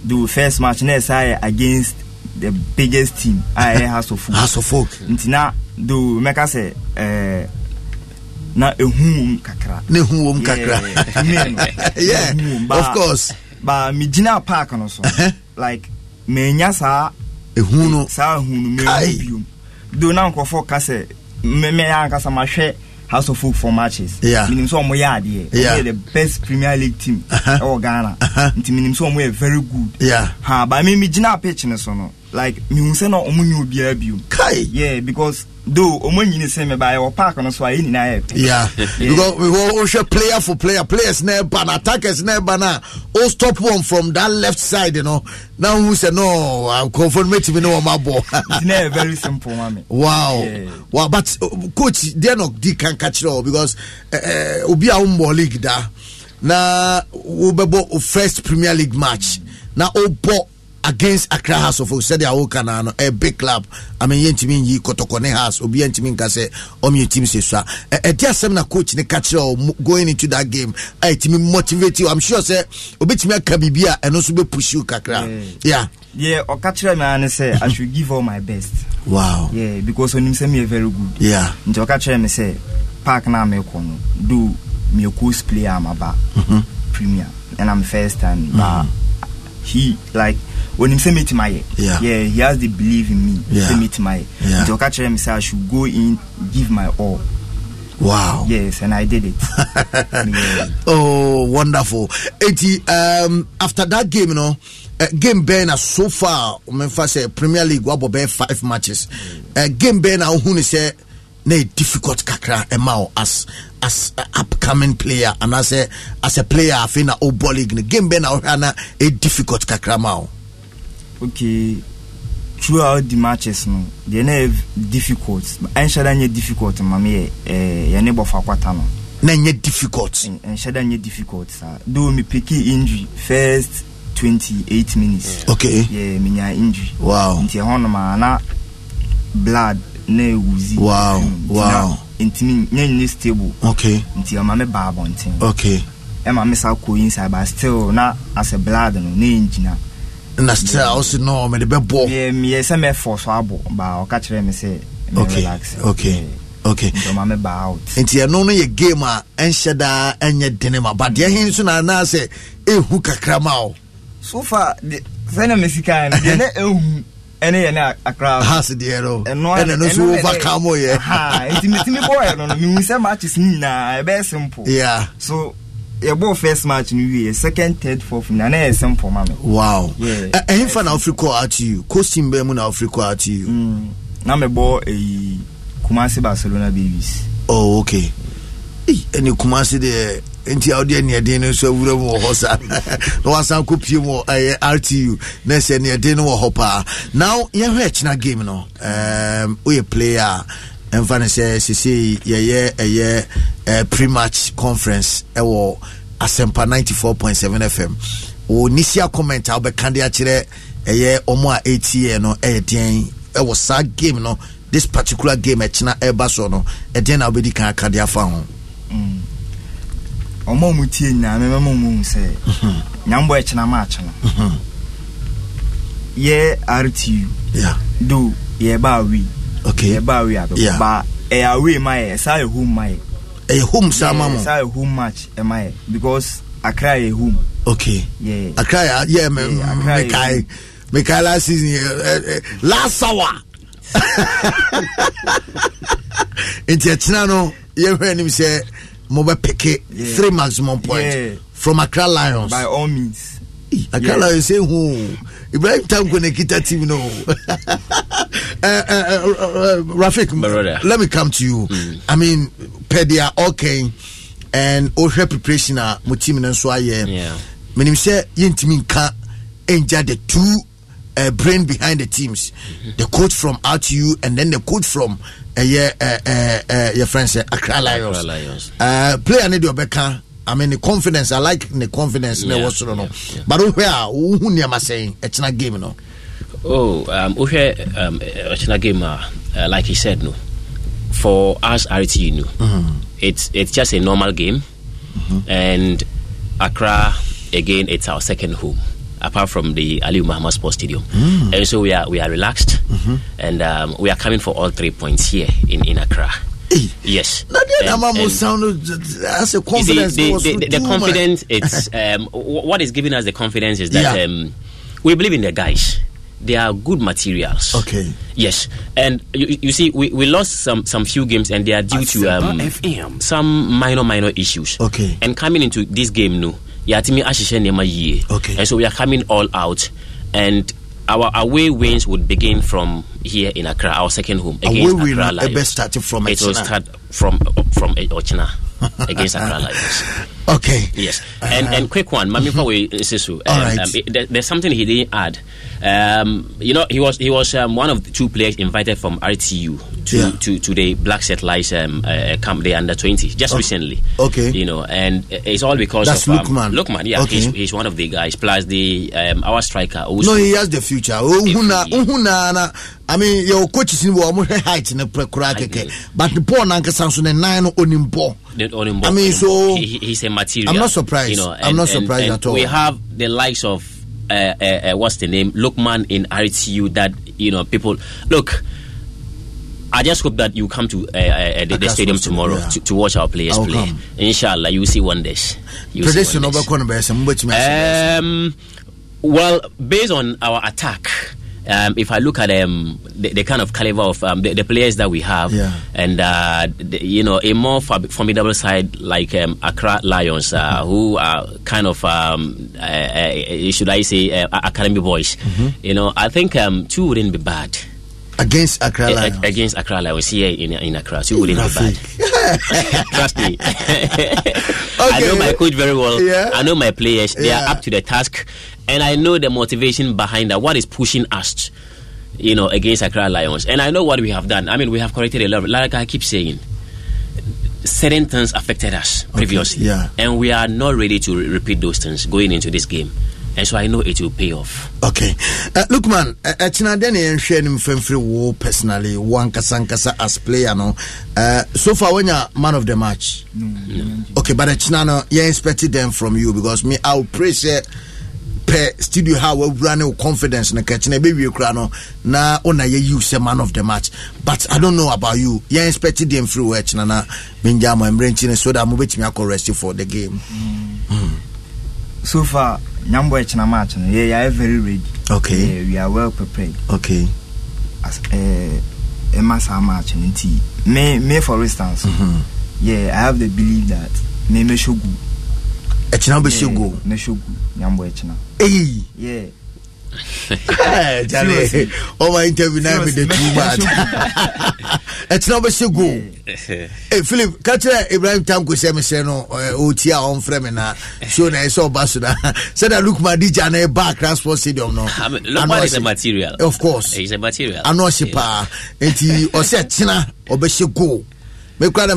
do first match na ɛsɛ ayɛ against the biggest team uh, a [laughs] yɛ house of folk house of folk nti na do mɛka sɛ ɛɛ. na ehun wom kakra na ehun wom kakra [laughs] [laughs] yeah, yeah. of course ba megyina park no so uh-huh. like menya saa ehun no saa ehun no mehu biom do na nkɔfo ka sɛ mmɛmɛ yɛ ankasa ma hwɛ house of folk for matches. Yeah. Minim so yɛ adeɛ. Yeah. yɛ the best Premier League team uh-huh. ɛwɔ Ghana. Uh -huh. Nti minim so omo yɛ very good. Yeah. Ha ba mi mi gyina pitch ne so no like mihu sɛ na ɔmo nyɛ obiara bio kai yeah because though ɔmo nyini sɛ mɛ baayɛ wɔ park no so a yɛ nyinaa yɛ pɛ yeah because wohwɛ player for player players na ɛba na attackers na ɛba na o stop one from that left side no na n sɛ no nkurɔfoɔ no mɛtumi ne wɔn abɔ na a very simple mami wow yeah. wow but uh, coach deɛ na di kan ka kyerɛ o because eh, eh, obi a wɔmmɔ league da na wɔbɛbɔ first premier league match na ɔbɔ against Accra House of said they are kana no a big club I mean yentimi yi kotokone house obi yentimi nka say omi team say so e dia sem na coach ne catch going into that game e timi motivate you I'm sure say obetimi aka bibia eno so be push you kakra yeah yeah ɔka kyerɛ me ara ne sɛ i should give all my best wow yeah because onim sɛ meyɛ very good yeah nti ɔka kyerɛ me sɛ park na mekɔ no do meyɛ cos player amaba mm -hmm. premier ɛna me first time mm -hmm. but he like when him say meet my yeah yeah he has the belief in me yeah. say meet my yeah. to catch him me I should go in give my all wow yes and I did it [laughs] yeah. oh wonderful eti um, after that game you know. Uh, game bɛn na uh, so far ɔmɛnfa sɛ Premier League wabɔ bɛɛ five matches uh, game bɛn na uh, ohun ni sɛ na difficult kakra ɛma o as as uh, upcoming player and as a as a player afei na o bɔ league game bɛn na uh, ɔhwɛ ana yɛ difficult kakra ma o okay throughout the matches no deɛ na yɛ difficult ɛnhyɛ da nyɛ difficult mami. yɛ ɛɛ yɛne bɔfra kwata no. na nyɛ difficult. ɛnhyɛ da nyɛ difficult saa though mi pikin injury first twenty eight minutes. okay yɛ mi nya injury. wow nti ɛhɔn nom a na blood na ewuzi. wow wow nti mi nyɛ nyɛ stable. okay nti maame baa abɔnten. okay ɛma mi sa ko inside but still na as a blood no na n gyina na still ɔsi no mɛ de bɛ bɔ. miyɛ sɛ mɛ fɔ so abɔ ba ɔka kyerɛ mi sɛ mɛ relax. okay okay. ntoma mɛ ba out. nti ɛno no yɛ game a ɛnhyɛ daa ɛnyɛ dene ma but yɛ hin so na anaasɛ ehu kakra ma o. so far sɛnɛ mi sika yɛn deɛ ne ehu ɛne yɛ ne akra. ahas deɛ no ɛna no so over kam yɛ. nti mi ti mi bɔ yɛ no mi n sɛ matches ni nyinaa ɛbɛyɛ simple. yeah. so yɛbɔ first match no wie second third fourth na na yɛ simple me wow ɛhe fa na wofiri kɔ ato you coasting bɛn mu na wofiri kɔ ato you mm. na mebɔ ɛyi kumase barcelona babies oh okay ɛne kumase deɛ nti a wode aneaden no nso awura mu wɔ hɔ saa [laughs] na wasan kɔpie mu ɛyɛ rtu na ɛsɛ aneaden no wɔ hɔ paa now yɛhwɛ akyena game no um, woyɛ player ɛmfa no sɛ sesei yɛyɛ ɛyɛ uh, prematch conference ɛwɔ asɛmpa 94.7 fm wo nisia comment a wobɛka de akyerɛ ɛyɛ ɔmo a ɛtiɛ no ɛyɛ deɛn ɛwɔ saa game no this particular game ɛkyena ɛba so no ɛdeɛn na wobɛdi kan aka afa ho mm. ɔmo a tie nyinaa mɛmɛ mo mu sɛ mhm. nyambɔ ɛkyena ma akye no mhm. yɛ rtu do yɛba awi okay ɛba away abɛkɔ yeah. ba ɛyɛ away ma yɛ ɛsa yɛ home ma yɛ ɛyɛ home sa ma mo ɛsa yɛ home match ɛma yɛ because akra yɛ home okay yeah. akra yɛ yɛ mɛ mɛkae mɛkae last season yɛ ɛ ɛ last hour [laughs] nti ɛkyina no yɛhwɛ anim sɛ mobɛpeke peke three maximum points yeah. from akra lions by all means akra yeah. lions ɛhu Ibrahim Tanko ne kita team no. [laughs] Eh, eh, eh, Rafik, let me come to you. Mm. I mean, Pedia okay and ohwɛ preparation a ah, mo team no nso ayɛ. Menim sɛ yɛntumi nka ɛngya the two uh, brain behind the teams. Mm-hmm. The coach from RTU and then the coach from uh, uh, uh, uh, your friend uh, Accra Lions. Accra Lions. Uh, player ne de ɔbɛka I mean the confidence. I like the confidence. Yeah, was no. yeah. But where who am I saying? It's not game, no. Oh, um, okay, um, it's not game. Uh, uh like he said, no. For us, RT, you know, mm-hmm. it's it's just a normal game, mm-hmm. and Accra again, it's our second home apart from the Ali Muhammad Sports Stadium. Mm. And so we are we are relaxed, mm-hmm. and um, we are coming for all three points here in in Accra. Yes. That um, um, as a confidence. The, the, the, the confidence. [laughs] It's um, what is giving us the confidence is that yeah. um, we believe in the guys. They are good materials. Okay. Yes, and you, you, see, we, we lost some some few games, and they are due At to um, some minor minor issues. Okay. And coming into this game, no, yeah, to me, Okay. And so we are coming all out, and our away wins would begin from here in Accra, our second home against away Accra Lions. Away best starting from It will start from from Ochina [laughs] against Accra Lions. Okay. Yes. And and quick one, Mami mm-hmm. we uh, um, right. um, There's something he didn't add. Um, you know, he was he was um, one of the two players invited from RTU to yeah. to, to the Black Satellite um, uh, camp, the under 20, just okay. Oh, recently. Okay. You know, and it's all because That's of um, Lukman. Lukman, yeah, okay. he's, he's, one of the guys. Plus the um, our striker. Also. No, he has the future. I mean, your coach is in warm height in a pre but the poor Nanka Sanson and nine on him. I mean, so he, he's a material. I'm not surprised. You know, and, I'm not surprised and at all. We have the likes of uh, uh, uh what's the name, Lookman in RTU that you know people look. I just hope that you come to uh, uh, the, the stadium tomorrow yeah. to, to, watch our players I'll play. Come. Inshallah, you will see wonders. You Prediction over Um. Well, based on our attack um, if I look at um, the, the, kind of caliber of um, the, the, players that we have, yeah. and uh, the, you know, a more formidable side like um, Accra Lions, uh, mm-hmm. who are kind of, um, uh, uh, should I say, uh, academy boys, mm-hmm. you know, I think um, two wouldn't be bad. Against Accra Lions. A- against Accra Lions here in, in Accra. you wouldn't be bad. [laughs] [laughs] Trust me. okay. [laughs] I know my coach very well. Yeah. I know my players. They are up to the task. And I know the motivation behind that, what is pushing us, you know, against Accra Lions. And I know what we have done. I mean, we have corrected a lot. Like I keep saying, certain things affected us previously. Okay, yeah. And we are not ready to re- repeat those things going into this game. And so I know it will pay off. Okay. Uh, look, man, ɛkyinade sharing yɛnhwɛ no mfamfiri wo personally One ankasa as player no uh, so far wonya man of the match no, okay but ɛkyina uh, no Yeah, expected them from you because me i will pɛ studio ha wawura ne wo confidence no kɛkyena ɛbɛwie kora no na wona yɛyi sɛ man of the match but i don't know about you yɛ expect deɛ mfiri wɔ akyena na mengya ma mmerɛ nkyi no so that mobɛtumi akɔ rest for the game mm. Mm. so far nyambɔ akyena match no yɛ yɛayɛ very ready okay yeah, we are well prepared okay As, uh, eh, ɛma saa match no nti me, me for instance mm -hmm. yeah i have the belief that me mɛhyɛ gu ɛkyina bɛhyɛ go ne hyɛ gu nyambɔ ɛkyina yeah eh, jale ɔma interview na mi de too much ɛtena wobɛhyɛ go philip ka kyerɛ ibrahim tanko sɛ mesɛ no ɔti eh, e [laughs] a ɔmfrɛ me na so na ɛsɛ ɔba so da sɛda lukma digya na ɛba akra sport stadium no ah, of course ano ɔhye paa enti ɔsɛ ɛtena ɔbɛhyɛ go mekora